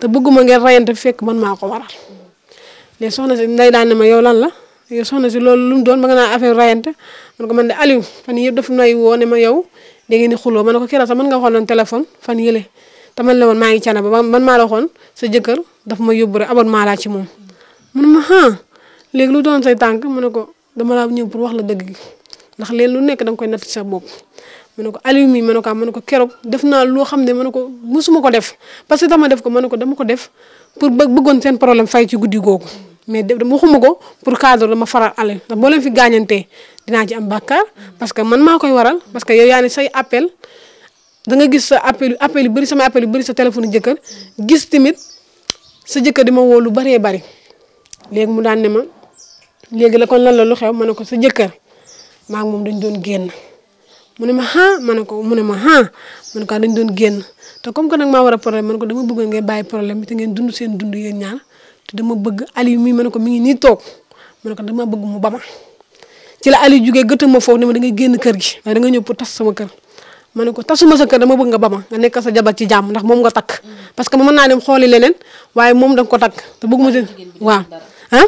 te bëgguma ngeen rayante fekk man maa ko waral mais soxna si nday daan ne ma yow lan la yow soxna si loolu lu mu doon ba naa naan affaire rayante man ko man de Aliou fan yëpp daf woo ne ma yow da ngeen di xuloo ma ne ko keroog sax mën nga xooloon téléphone fan yële te man la woon maa ngi cana ba man maa la waxoon sa jëkkër daf ma yóbbu rek abonnement laa ci moom mun ma ah, léegi lu doon say tànk mu ne ko dama laa ñëw pour wax la dëgg gi ndax leen lu nekk da nga koy natt sa bopp ma ne ko Aliou mii ma ah ne ko keroog def naa loo xam ne ma ne ko musuma ko def parce que dama def ko ma ne ko dama ko def pour bëggoon seen problème fay ci guddi googu mais def dama waxuma ko pour cadre dama faral alal ndax boo fi gaañantee dinaa ci am bàkkaar parce que man maa koy waral parce que yow yaa say appel danga gis sa appel appel yu bëri sama appel yu bëri sa téléphone jëkkër gis tamit sa jëkkër di ma woo lu bëree bëri léegi mu daan ne ma léegi la kon lan la lu xew ma ne ko sa jëkkër maa moom dañ doon génn mu ne ma ah ma ne ko mu ne ma ah man doon génn te comme que nag maa war a problème man ko dama bëgg ngeen bàyyi problème bi te ngeen dund seen dund yéen ñaar te dama bëgg Aliou mii ma ko mi ngi nii toog ma ne ko dama bëgg mu bama ci la Aliou jugee gëttam ma foofu ne ma da ngay génn kër gi waaye da nga ñëw pour tas sama kër ma ne ko tasuma sa kër dama bëgg nga bama nga nekk sa jaba ci jàmm ndax moom nga takk parce que ma mën naa dem xooli leneen waaye moom da nga ko takk te bëgguma seen waaw ah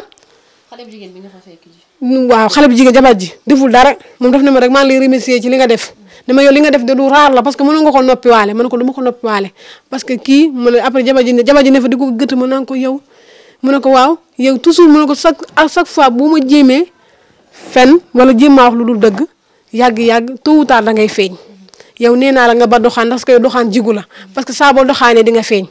waaw xale bu jigéen jabar ji deful dara moom def na ma rek maa ngi lay remercier ci li nga def dama yow li nga def de du raar la parce que mënu nga ko noppiwaale man ko du ma ko noppiwaale parce que kii mu ne après jabar ji ne jabar ji ne fa di ko gëtt ma naa ko yow mu ne ko waaw yow toujours mu ne ko chaque à chaque fois bu ma jéemee fen wala jéem maa wax lu dul dëgg yàgg-yàgg tôt ou tard da ngay feeñ yow nee naa la nga ba doxaan parce que yow doxaan jigu la parce que saa boo doxaanee di nga feeñ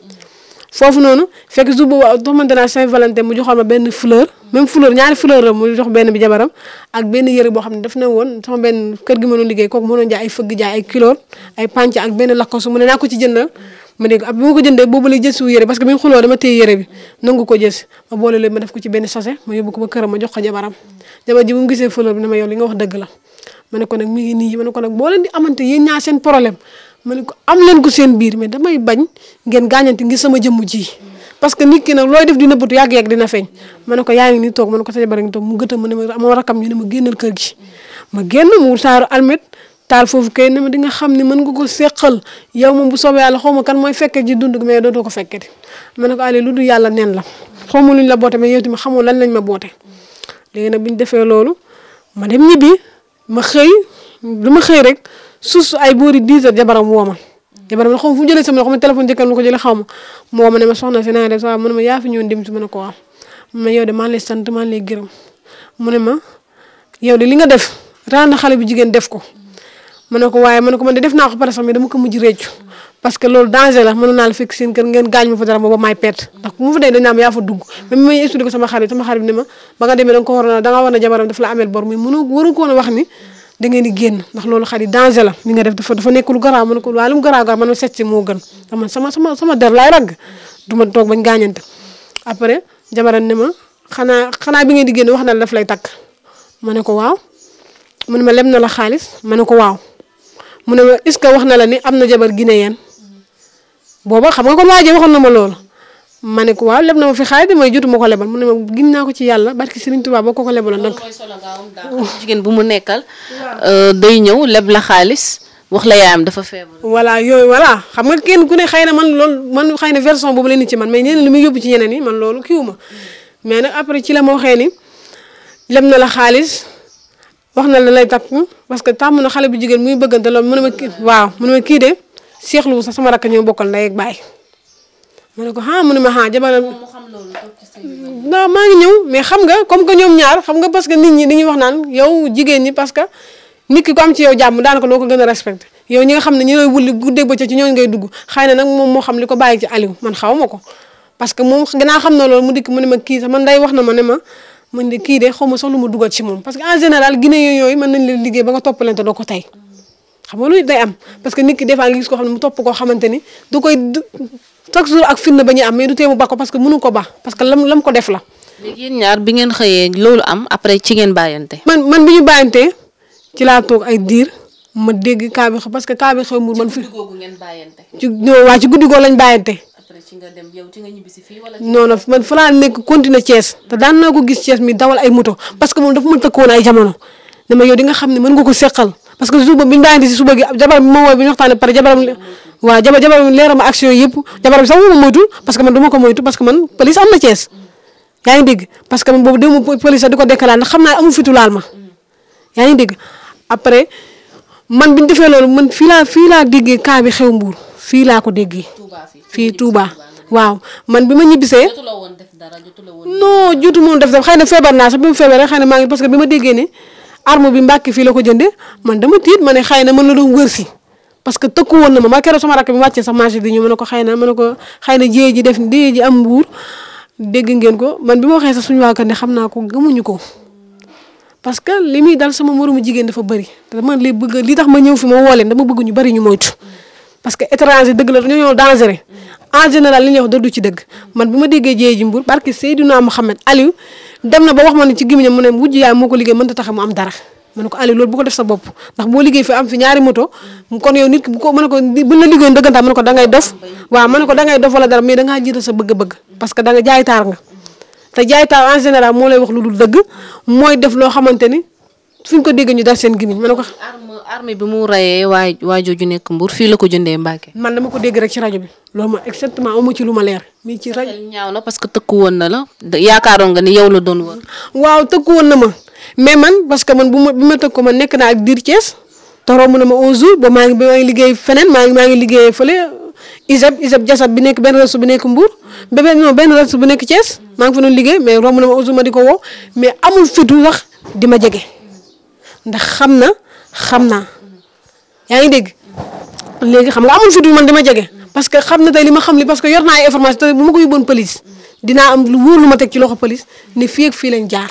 foofu noonu fekk su boobu xamante naa Saint Valentin mu joxoon ma benn fleur même fleur ñaari fleur am mu jox benn bi jabaram ak benn yëre boo xam ne daf na woon sama benn kër gi mënoon liggéey kooku mënoon jaay ay fëgg jaay ay kiloor ay pànc ak benn lakkoosu mu ne naa ko ko jëndee boobu lay jël si yëre parce que bi mu xuloo dama téye yëre bi ko jës ma boole leen ma ko ci benn sachet ma yóbbu ko ba jabaram jabar la ma ne ko nag mi ngi nii ma ne ko nag boo leen di am leen ko seen biir mais damay bañ ngeen gaañante ngir sama jëmm ji parce que nit ki nag looy def di nëbbatu yàgg-yàgg dina feeñ ma ko yaa ngi nii toog ma ne ko sañ bari ngi toog mu gëta mu ne ma moo rakam ñu ne ma génnal kër gi ma taal foofu kay ne ma di nga xam ne mën nga ko séqal yow moom bu soobee xaw ma kan mooy fekke ji dund mais dootoo ko fekketi ne ko ale lu dul yàlla nen la xaw ma luñ la boote mais yow tamit xamoo lan nañ ma boote léegi nag biñ defee loolu ma dem ñibbi ma xëy lu ma xëy rek su ay boori 10 heures jabaram wooma jabar man xaw ma fu mu jëlee sama loxo téléphone jëkkër ko jëlee xaw ma ma soxna si naa def saa mu ne ma yaa fi ñëwoon ko li na def ko ma ne ko waaye ko man de def naa sama xarit sama xarit ne ma ba nga demee da nga ko waroon a da nga war na jabaram daf la amel bor muy mënu waru wax ni da ngeen di génn ndax loolu xarit danger la mi nga def dafa dafa nekk lu garaaw ne ko waaye lu mu man moo gën man sama sama sama der laay ragg du ma toog bañ gaañante après jabaran ne ma xanaa xanaa bi ngeen di génn wax na la lay takk ma ne ko waaw mu ne ma lem na la xaalis ma ne ko waaw mu ne ma est-ce que wax na la ni am na jabar guinéen booba xam nga kon waajee waxoon na ma loolu ma ne ko waaw leb na ma fi xaalis damay jotu ma ko lebal mu ne ma gis naa ko ci yàlla barki Serigne Touba boo ko ko lebaloon nag. jigéen bu mu nekkal. Euh, day ñëw leb la xaalis wax la yaayam dafa feebar. voilà yooyu voilà xam nga kenn ku ne xëy na man loolu man xëy na version boobu la ci man mais ñeneen li muy ci ñeneen yi man loolu kiiwu ma mais nag après ci la ma waxee ni leb na la xaalis wax na la lay takk parce que tàmm na xale bu jigéen muy bëggante loolu mu ne ma kii waaw mu ne ma kii de seexlu sax sama rakk ñoo bokkal ndey ak baay ma ne ko ah mu ne ma ah jabaram non maa ngi ñëw mais xam nga comme que ñoom ñaar xam nga parce que nit ñi dañuy wax naan yow jigéen ñi parce que nit ki ci yow jàmm daanaka loo ko gën a respecté yow ñi nga xam ne ñu lay wulli guddeeg bëccëg ci ñooñu ngay dugg xëy na nag moom moo xam li ko bàyyi ci Aliou man xaw ma ko parce que moom gannaaw xam na loolu mu dikk mu ne ma kii sax man day wax na ma ne ma man de kii de xaw ma sax lu ma dugal ci moom parce que en yooyu mën nañ leen liggéey ba nga toppalante doo ko tey xam nga day am parce que nit ki des fois nga gis ne mu topp koo xamante ni du koy chaque jour ak fitna ba ko ba parce que lam lam ko def la. léegi yéen ñaar bi ngeen xëyee loolu am après ci ngeen bàyyante. man man bi ñu bàyyantee laa toog ay diir ma dégg parce que kaa bi xew mbuur man. fi ci guddi googu ngeen bàyyante. ci lañ bàyyante. après nga dem yow ci nga ñibbisi fii wala. non non man fa nekk continuer Thiès te daan naa ko gis Thiès mi dawal ay moto parce que moom dafa ma tëkkoon ay jamono dama yow di nga xam ne mën nga ko seqal parce que suba bi ñu daanante si suba gi jabar bi ma woo pare jabaram waaw jabar jabaram leeral action yëpp jabar bi sax moom moytu parce que man du ko moytu parce que man police am na Cees yaa ngi dégg parce que man bi ñu defee loolu man fii laa fii laa déggee cas bi xew Mbour fii laa ko déggee fii Touba waaw man bi ma ñibbisee non jotu moom def dara xëy na feebar naa sax bi ma feebaree xëy na maa ngi parce que bi ma déggee ne armo bi mbàkk fii la ko jëndee man dama tiit ma ne xëy na mën na doon wër si parce que tëkku woon na ma ma keroog sama rakk bi wàccee sax marché bi ñu mën a ko xëy na mën a ko xëy na jiyee ji def jiyee ji am mbuur dégg ngeen ko man bi ma waxee sax suñu waa ne xam naa ko gëmuñu ko parce que li muy dal sama moromu jigéen dafa bëri te man li li tax ma ñëw fi ma woo leen dama bëgg ñu bëri ñu moytu parce que étranger dëgg la dañoo dangereux en général li ñuy wax dëddu dëgg man bu ma déggee jéey ji mbur barke Seydina Mouhamed Aliou dem na ba wax ma ne ci gémmiñam mu ne wujj yaay moo ko liggéey mënta taxe mu am dara ma ko Aliou loolu bu ko def sa bopp ndax boo liggéey fi am fi ñaari moto kon yow nit ki bu ko ma ne ko buñ la liggéeyoon dëggantaan ma ne ko da ngay dof waaw ma ne ko da dof wala dara mais da ngaa sa bëgg-bëgg parce que da jaay taar nga te jaay taar en général moo lay wax lu dul dëgg mooy def loo xamante ni fuñ ko dégg ñu daal seen gémmiñ ma ne ko. arme arme bi mu rayee waay waa jooju nekk Mbour fii la ko jëndee mbaake man na dama ko dégg rek ci rajo bi loolu ma exactement amu ci lu ma leer. mi ci rajo ñaaw na parce que tëkku woon na la yaakaaroon nga ni yow la doon woon. waaw tëkku woon na ma mais man parce que man bu ma bi ma tëkku ma nekk naa ak diir Thiès. toromb na ma 11 jours ba maa ngi liggéey feneen maa ngi ngi liggéey fële ISEP ISEP jasab bi nekk benn restu bi nekk Mbour. ba benn non benn restu bu nekk Thiès. maa ngi fa liggéey mais romb na ma 11 ma di ko woo mais amul fitu sax di ma jege ndax xam na xam naa yaa ngi dégg léegi xam nga amul fi du man dama jege parce que xam na tey li ma xam li parce que yor naa information te bu ma ko yóbboon police dinaa am lu wóor lu ma teg ci loxo police ne fii ak fii lañ jaar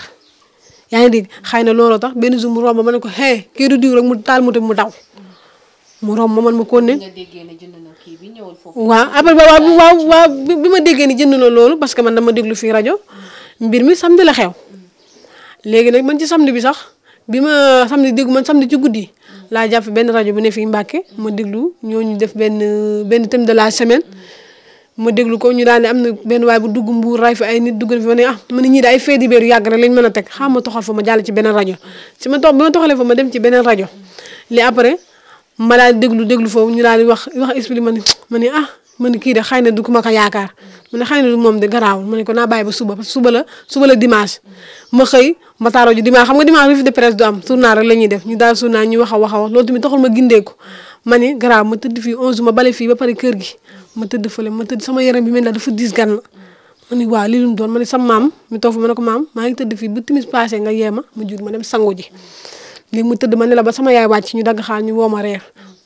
yaa ngi dégg xëy na looloo tax benn jour mu romb ma ne ko hee kii rek mu taal mu te mu daw mu romb ma man ma kon ne waaw après waaw waaw waaw bi ma déggee ni jënd na loolu parce que man dama déglu fii rajo mbir mi samedi la xew léegi nag man ci samedi bi sax bi ma samedi dégg man samedi ci guddi laa jàpp benn rajo bu ne fii Mbàkke ma déglu ñooñu def benn benn thème de la semaine ma déglu ko ñu daal ne am na benn waay bu dugg mbuur ray fi ay nit dugg fi ma ne ah ma daay fee di yàgg rek lañ mën a teg xam ma toxal fa ma jàll ci beneen rajo si ma tox bi ma fa ma dem ci beneen rajo li après ma daal déglu déglu foofu ñu daal di wax wax expliqué ma ne ma ne ah ma ne kii de xëy na du ma ko yaakaar mu ne xëy na moom de garaawul mu ko naa bàyyi ba suba suba la suba la dimanche ma xëy ma taaroo ji dimanche xam nga dimanche de presse du am journal rek la ñuy def ñu daal journal ñu a wax a wax loolu tamit taxul ma gindeeku ma ne garaaw ma tëdd fii 11 ma sama yaram bi mel ne dafa diis gan la ma ne waaw doon ma sama maam mi toog fa ma ko maam maa ngi tëdd fii ba timis passé nga ma jur ma dem sangu ji léegi mu tëdd ma la ba sama yaay wàcc ñu dagg xaar ñu woo ma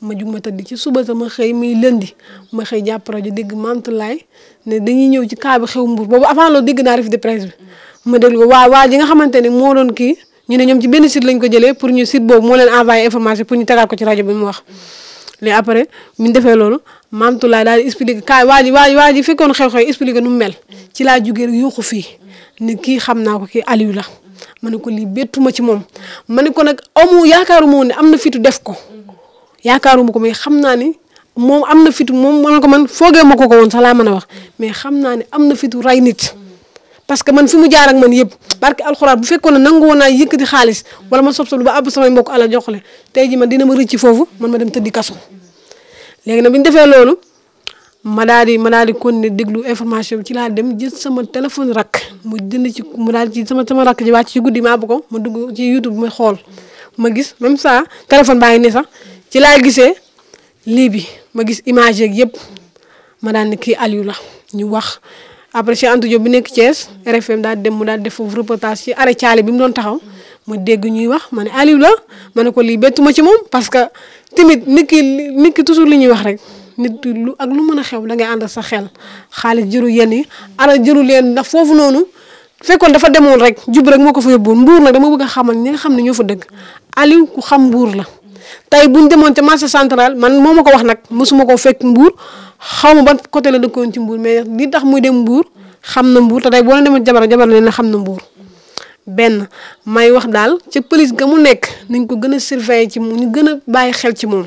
ma jug ma tëdd ci suba sama xëy muy lëndi ma xëy jàpp rajo dégg mantulaay ne dañuy ñëw ci kaabi xew Mbour boobu avant loolu dégg naa revue de presse bi ma déglu ko waa waa ji nga xamante ne moo doon kii ñu ne ñoom ci benn site lañ ko jëlee pour ñu site boobu moo leen envoyé information pour ñu tegaat ko ci rajo bi mu wax léegi après ñu defee loolu mantulaay daal di expliqué kaay waa ji waa ji waa ji fekkoon xew-xew expliqué nu mu mel ci laa jugee yuuxu fii ne kii xam naa ko kii Aliou la ma ne ko lii bettuma ci moom ma ne ko nag amu yaakaaruma ne am na fitu def ko yaakaaruma ko mais xam naa ni moom am na fitu moom man man foogee ma ko ko woon sax mën a wax mais xam naa ne am na fitu rey nit parce que man fi mu jaar ak man yëpp barke alxuraan bu fekkoon ne nangu woon naa yëkkati xaalis wala ma sobsolu ba àbb samay mbokk ala joxle te ji man dina ma rëcc foofu man ma dem tëddi kaso léegi nag bi ñu defee loolu ma daal di ma di kon ne déglu information ci laa dem jël sama téléphone rakk mu jënd ci mu daal ci sama sama rakk ji wàcc ci guddi maa bu ko ma dugg ci youtube ma xool ma gis même saa téléphone baa ngi ne sax ci laay gisee lii bi ma gis image yeeg yëpp ma daan ni kii Aliou la ñu wax après Cheikh Anta Diop bi nekk Thiès RFM daal dem mu daal def foofu reportage ci bi mu doon taxaw ma dégg ñuy wax ma ne Aliou la ma ne ko lii bettu ci moom parce que tamit nit ki nit li ñuy wax rek nit lu ak lu mën a xew da ngay ànd sa xel xaalis jëru yenn yi ala jëru leen ndax foofu noonu fekkoon dafa demoon rek jub rek moo ko fa yóbbuwoon mbuur nag dama bëgg a xamal ñi nga xam ne ñoo fa dëgg Aliou ku xam mbuur la. tey bu ñu demoon ca marché central man moo ma ko wax nag mosuma ko fekk mbuur xaw ma ban côté la dëkkoon ci mbuur mais li tax muy dem mbuur xam na mbuur te tey boo leen demoon jabar jabar leen xam na mbuur. benn may wax daal ca police mu nekk nañ ko gën a surveiller ci mu ñu gën a bàyyi xel ci moom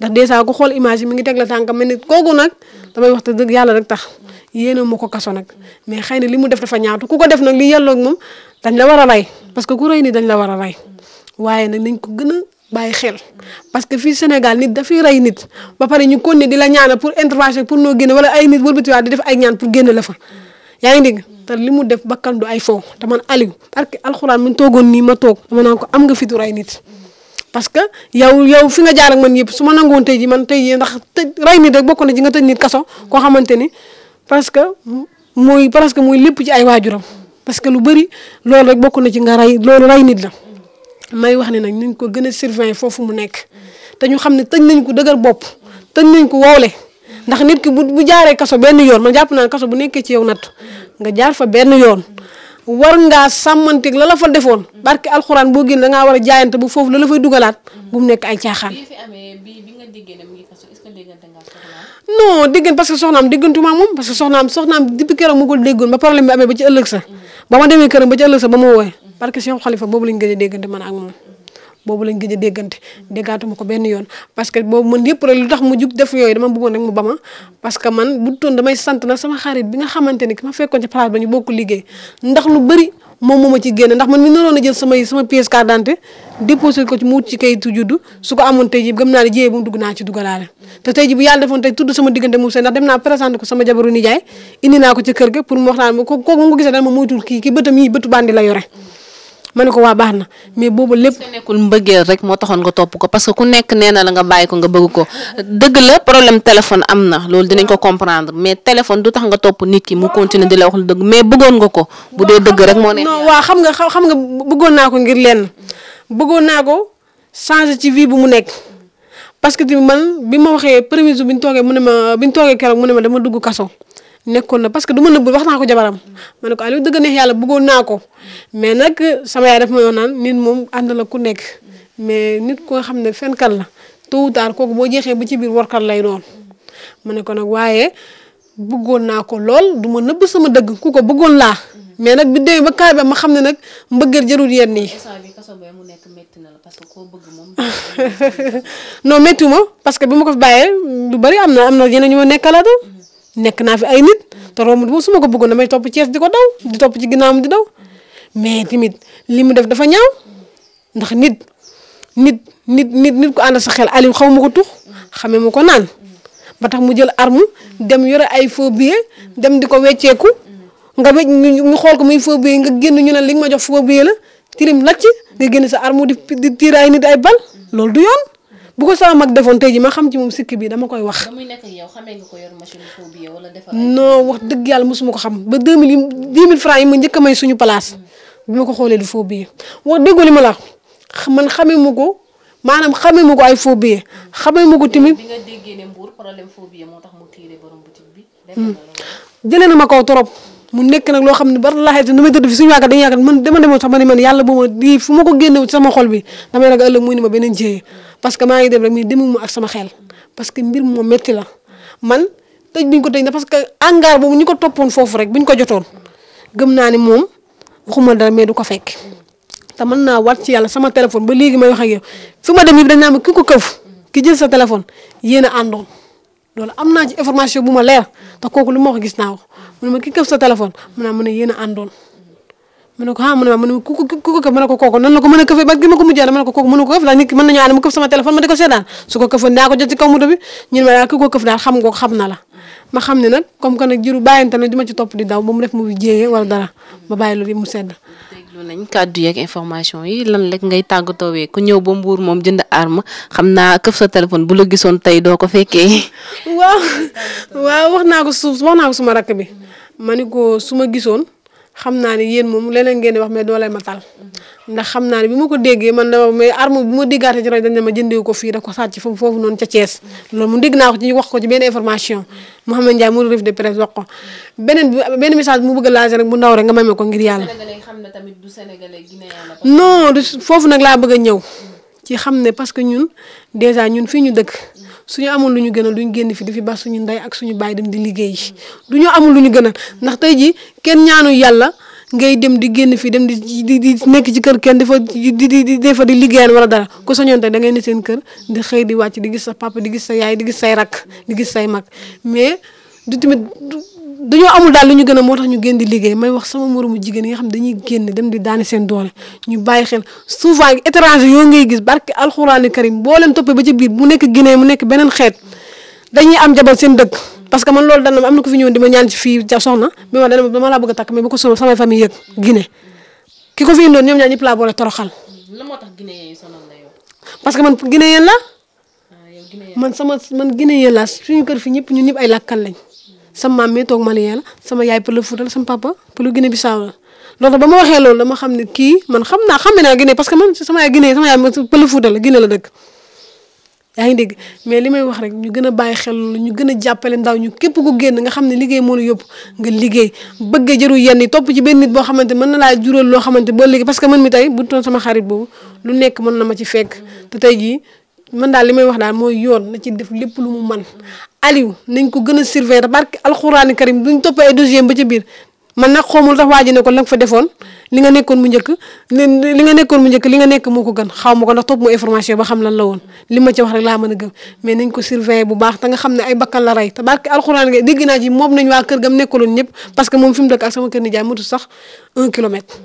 ndax dèjà ku xool image mu ngi teg la tànk mel ni kooku nag damay wax te yàlla rek tax yéen mu ko kaso nag mais xëy na li mu def dafa ñaatu ku ko def nag li yelloog moom dañ la war a lay parce que ku rey ni dañ la war a rey waaye nag bàyyi xel parce que fii Sénégal nit dafay rey nit ba pare ñu kon ne di la ñaanal pour intervention pour noo génne wala ay nit wëlbatiwaat di def ay ñaan pour génne la fa yaa ngi dégg te li mu def bakkan du ay foow te man Aliou parce que alxuraan mi toogoon nii ma toog dama ko am nga fi du rey parce que yow yow fi nga jaar ak man yëpp su ma nangoon tey ji man tey jii ndax tëj rey nit rek bokk na ci nga tey nit kaso koo xamante ni parce que mooy parce que mooy lépp ci ay waajuram parce que lu bëri loolu rek bokk na ci nga rey loolu rey nit la may wax ne nag nañ ko gën a surveiller foofu mu nekk te ñu xam ne tëj nañ ko dëgër bopp tëj nañ ko woowle ndax nit ki bu bu jaaree kaso benn yoon man jàpp naa kaso bu nekkee ci yow natt nga jaar fa benn yoon war ngaa sàmmanteeg la la fa defoon barke alxuraan boo génn da ngaa war a jaayante bu foofu la la fay dugalaat bu mu nekk ay caaxaan. non déggan parce que soxnaam déggantuma moom parce que soxnaam soxnaam depuis këram mu ko déggoon ba problème bi amee ba ci ëllëg sa ba ma demee këram ba ci ëllëg sa ba ma woowee parce que Cheikh Khalifa boobu lañ gëj a déggante man ak moom boobu lañ gëj a déggante déggaatuma ko benn yoon parce que boobu man yëpp rek lu tax mu jug def yooy dama bëggoon parce que man bu toon damay sant nag sama xarit bi nga xamante ni ki ma fekkoon ci place ba ñu bokk moom moo ma ci a jël samay sama pièce carte d'identité déposé ko ci mu wut ci kayitu ko amoon tey ji naa ne jiyee bu mu dugg naa te tey ji bu yàlla defoon tey tudd sama diggante moom seen ndax dem naa présenté ko sama jabaru nijaay indi naa ko ci kër ga pour mu waxtaan ko kooku ko gisee daan ma moytul kii kii bëtam yi bëtu bandi la yore ma ne ko waa baax na mais boobu lépp. nekkul mbëggeel rek moo taxoon nga topp ko parce que ku nekk nee na la nga bàyyi ko nga bëgg ko dëgg la problème téléphone am na loolu dinañ ko comprendre mais téléphone du tax nga topp nit ki mu continuer di la wax lu dëgg mais bëggoon nga ko bu dee dëgg rek moo ne. non waa xam nga xam nga bëggoon naa ko ngir lenn bëggoon naa ko changer ci vie bu mu nekk parce que tamit man bi ma waxee premier bi ñu toogee mu ne ma bi ñu toogee keroog mu ne ma dama dugg kaso nekkoon na parce que duma ma nëbb wax naa ko jabaram ma ne ko Aliou dëgg neex yàlla bëggoon naa ko mais nag sama yaay daf ma wax naan nit moom ànd la ku nekk mais nit ko xam ne fenkat la tôt ou tard kooku boo jeexee ba ci biir warkat lay doon ma ne ko nag waaye bëggoon naa ko lool du ma nëbb sama dëgg ku ko bëggoon laa mais nag bi ba kaay ba ma xam ne nag mbëggeel jarul yenn yi. non métti ma parce que bi ma ko fi bàyyee lu bari am na am na yeneen ñu ma nekkalaat nekk naa fi ay nit te romb moom su ma ko bëggoon damay topp Cees di ko daw di topp ci ginnaawam di daw mais tamit li mu def dafa ñaaw ndax nit nit nit nit nit ko ànd sa xel ali xaw ma ko tux xamee ma ko naan ba tax mu jël arme dem yore ay faux billets dem di ko wecceeku nga wecc ñu xool ko muy faux billet nga génn ñu ne li ma jox faux billet la tirim lacc nga génn sa arme di di tiir ay nit ay bal lool du yoon. bu ko sama mag defoon tey ji ma xam ci moom sikk bi dama koy wax. ba muy nekk ak yow xamee nga ko wax dëgg yàlla mosuma ko xam ba deux mille yi dix mille francs yi ma njëkk a may suñu place bi ma ko xoolee du phobie wax dëgg li ma la man xamee ma ko maanaam xamee ma ko ay phobie xamee ma ko tamit. bi nga déggee moo tax mu tiiree borom hmm. na ma kaw trop. mu nekk nag loo xam ne bari laaxee te nu may tëdd fi suñu yaakaar dañuy demoon sax ma ne man yàlla bu di fu ma ko génnewu sama xol bi damay ragal ëllëg muy ni ma beneen jéeye parce que maa ngi dem rek mais demuma ak sama xel parce que mbir moo métti la man tëj bi ñu ko tëj na parce que hangar boobu ñu ko toppoon foofu rek bu ñu ko jotoon gëm naa ne moom waxuma dara mais du ko fekk. te mën naa waat ci yàlla sama téléphone ba léegi may wax ak yow fi ma dem yëpp dañ naa ma ki ko këf ki jël sa téléphone yéen a àndoon am naa ci information bu ma leer te kooku lu ma wax gis naa ko mu ma ki këf sa téléphone mu naa mun ne yéen a àndoon. mu ne ko ah mu ne ma mu ne ku ko ku ko këf ma ne ko kooku nan la ko mën a këfee ba gi ma ko mujjee ma ne ko kooku mënu ko këf ndax nit ki mën nañu ànd mu këf sama téléphone ma di ko seetaan su ko këfoon daa ko jot ci kaw moto bi ñun ma daal ah, ku ko këf daal xam nga ko xam na la ma xam ne nag comme que nag jiru bàyyante na dima ci topp di daw ba mu def mu jéyee wala dara ma bàyyi loolu mu sedd déglu nañ kàddu yeeg information yi lan rek ngay tàggatoowee ku ñëw ba mbuur moom jënd arme xam naa këf sa téléphone bu la gisoon tey doo ko fekkee waaw waaw wax naa ko su wax naa ko suma rakk bi ma ni ko su ma gisoon xam naa ne yéen moom leneen ngeen di wax mais doo leen ma tal ndax xam naa ne bi ma ko déggee man dama bu arme bi ci rajo dañ ne ma ko fii da ko sàcc foofu foofu noonu ca Thiès loolu mu dégg naa ko ci wax ko ci benn information Mouhamed Ndiaye mu revue de presse wax ko benn message mu bëgg a laaj rek bu ndaw rek nga may ma ko ngir yàlla non foofu nag laa bëgg a ñëw ci xam ne parce ñun dèjà suñu amul lu ñu gënal duñ génn fi di fi ba suñu ndey ak su suñu baay dem di liggéey du ñu amul lu ñu gënal ndax tey ji kenn ñaanu yàlla ngay dem di génn fii dem di di di nekk ci kër kenn dafa di di defa di liggéeyal wala dara ko soñoon tey da ngay ne seen kër di xëy di wàcc di gis sa papa di gis sa yaay di gis say rakk di gis say mag mais dañoo amul daal lu ñu gën a moo tax ñu génn di liggéey may wax sama moromu jigéen yi nga xam dañuy génn dem di daani seen doole ñu bàyyi xel souvent étranger yooyu ngay gis barke alxuraani karim boo leen toppee ba ci biir mu nekk Guinée mu nekk beneen xeet dañuy am jabar seen dëkk. parce que man loolu dana ma am na ko fi ñëwoon di ma ñaan ci fii ja soxna mais man a takk ki ko fi indoon ñoom ñaar ñëpp laa boole toroxal. lan moo tax Guinée yi sonal la yow. parce que man Guinéen la. Ah, man sama man Guinéen laa suñu kër fi ñëpp ñun ñëpp ay lakkal lañ sama maam mi toog malien la sama yaay pël Fuuta la sama papa pël Guinée Bissau loolu ba ma waxee loolu dama xam ne kii man xam naa xame ngi dégg mais li may wax rek ñu gën a bàyyi xel loolu ñu gën a jàppale ndaw ñu képp ku génn nga xam ne liggéey moo la yóbbu nga liggéey bëgg a jëru yenn yi topp ci benn nit boo xamante mën na laa jural loo xamante boo liggéey parce que man mi tey bu doon sama xarit boobu lu nekk mën na ma ci fekk te tey jii man daal li may wax daal mooy yoon na ci def lépp lu mu man Aliou nañ ko gën a surveiller barke alxuraani karim duñ topp ay dossier ba ci biir man nag xawmul tax waa ne ko la fa defoon li nga nekkoon mu njëkk li nga nekkoon mu njëkk li nga nekk moo ko gën xaw ma ko ndax topp mu information xam lan la woon li ma wax rek laa mën a gëm mais nañ ko surveiller bu xam ne ay bakkan la te barke alxuraan nga dégg naa ji moom nañ waa kër gam nekkaloon ñëpp parce que moom fi mu dëkk ak sama kër nijaay motul sax un kilomètre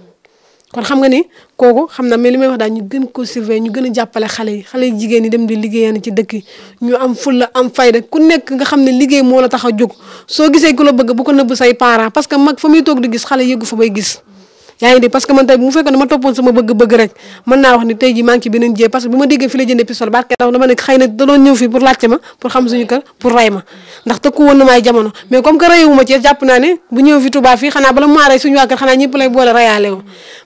kon xam nga ni kooku xam na mais li may wax daal ñu gën ko surveiller ñu gën a jàppale xale yi xale yi jigéen ñi dem di liggéeyaan ci dëkk yi ñu am fulla am fayda ku nekk nga xam ne liggéey moo la tax a jóg soo gisee ku la bëgg bu ko nëbb say parents parce que mag fa muy toog di gis xale yëgu fa bay gis yaa parce que man tey bu fekkee ne ma toppoon sama bëgg-bëgg rek mën naa wax ni tey ji maa ngi ci beneen jée parce que bi ma déggee fi la jëndee pistole barke ndax dama na maay jamono mais comme que reyewu ci jàpp naa ne bu ñëw fi Touba fii xanaa bala maa rey suñu waa kër xanaa ñëpp lay boole reyaale wo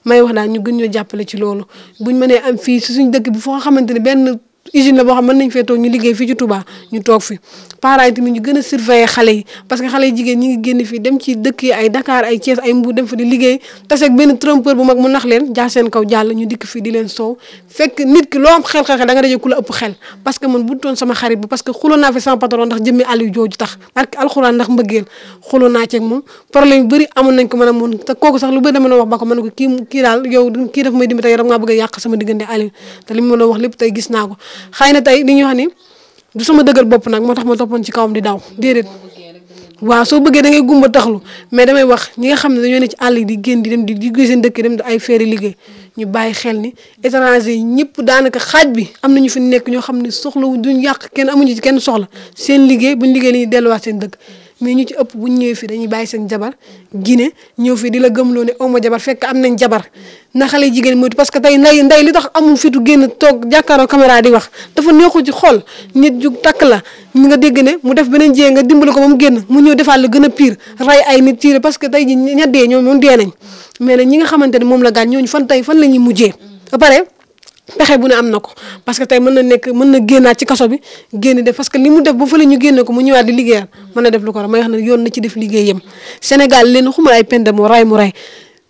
may wax daal ñu gën ñoo jàppale ci loolu buñ mënee am fii si dëkk bi foo xamante ne benn usine la boo xam mën nañ fee toog ñu liggéey fii ci Touba ñu toog fi parents yi tamit ñu gën a surveiller xale ay Dakar ay Thiès dem fa di liggéey tase ak benn trompeur bu mag mu nax leen jaar kaw jàll ñu dikk fii di leen soow fekk nit ki loo xel xel xel daje ku la xel parce que man bu doon sama xarit ba parce que xuloo naa fi sama patron ndax jëmmi àll jooju tax alxuraan ndax mbëggeel xuloo naa ceeg moom problème yu bëri nañ ko mën a moon te kooku wax ba ko mën a yàq xëy na tey li ñuy wax ni du sama dëgër bopp nag moo tax ma toppoon ci kawam di daw déedéet. waaw soo bëggee da ngay gumba taxlu mais damay wax ñi nga xam ne dañoo ne ci àll di génn di dem di gis seen dëkk dem di ay feeri liggéey ñu bàyyi xel ni étranger yi ñëpp daanaka xaaj bi am na ñu fi nekk ñoo xam ne soxla duñ yàq kenn amuñu ci kenn soxla seen liggéey buñ liggéey li ñuy delluwaat seen dëkk mais ñu ci ëpp bu ñu ñëwee fii dañuy bàyyi seen jabar Guinée fii di la gëmloo ne oma jabar fekk am nañ jabar na xale jigéen moytu parce que tey nday nday li tax amul fitu génn toog jàkkaaroo caméra di wax dafa neexu ci xool nit ju takk la mi nga dégg ne mu def beneen jiyee nga dimbali ko moom génn mu ñëw defaat la gën a pire rey ay nit tiire parce que tey ji ña dee ñoom moom dee nañ mais nag ñi nga xamante ne moom la gaañ ñooñu fan tey fan la ñuy mujjee ba pexe bu ne am na ko parce que tey mën na nekk mën na génnaat ci kaso bi génn def parce que li mu def ba fële ñu génne ko mu ñëwaat di liggéeyal mën na def lu ko war may wax ne leen xumul ay peine ray mu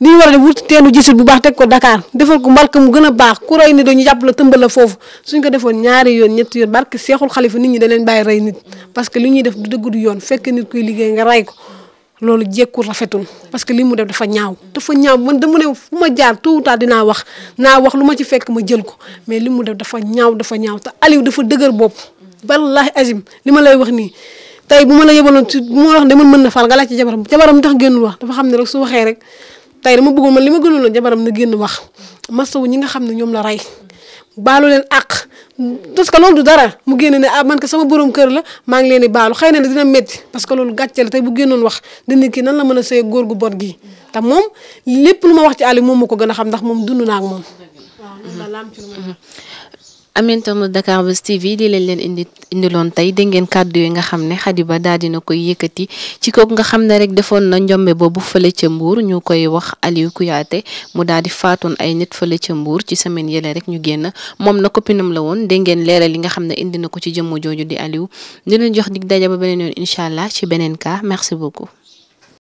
ñu war a def wut teenu gisul bu baax teg ko Dakar defal ko mbarka mu gën baax ku rey ni dañu jàpp la tëmbal la foofu suñ ko defoon ñaari yoon ñetti yoon barke seexul xalifa nit ñi da leen bàyyi rey nit parce li ñuy def du dëgg du yoon fekk nit kuy liggéey nga rey ko loolu jekkul rafetul parce que li mu def dafa ñaaw dafa ñaaw man dama ne fu ma jaar tuutaa dinaa wax naa wax lu ma ci fekk ma jël ko mais li mu def dafa ñaaw dafa ñaaw te aliw dafa dëgër bopp wallahi azim li ma lay wax nii tey bu ma la yebaloon ci bu ma wax ne man mën na faal nga laaj ci jabaram jabaram tax génnul wax dafa xam ne rek su waxee rek tey dama bëggoon ma li ma gënoon jabaram na génn wax ma masawu ñi nga xam ne ñoom la rey baalu leen àq parce que du dara mu génne ne a ah, man ka sama borom kër la maa ngi leen di baalu xëy na dina métti parce que loolu gàcce la tey bu génnoon wax dañu kii nan la mën a sëy góor gu boot gi te moom lépp lu ma wax ci ali moom ma ko gën a xam ndax moom dund naa ak moom. waaw la am ma amintanu Dakar Buzz TV di leen leen indi indiloon tey dégg ngeen kàddu yi nga xam ne Khady Ba daal dina koy yëkkati ci kooku nga xam ne rek defoon na njombe boobu fële ca Mbour ñu koy wax Aliou kuyaate mu daal di faatoon ay nit fële ca Mbour ci semaine yële rek ñu génn moom na copinam la woon dégg ngeen leeral li nga xam ne indi na ko ci jëmm jooju di Aliou di leen jox dig daje ba beneen yoon incha allah ci beneen ka merci beaucoup.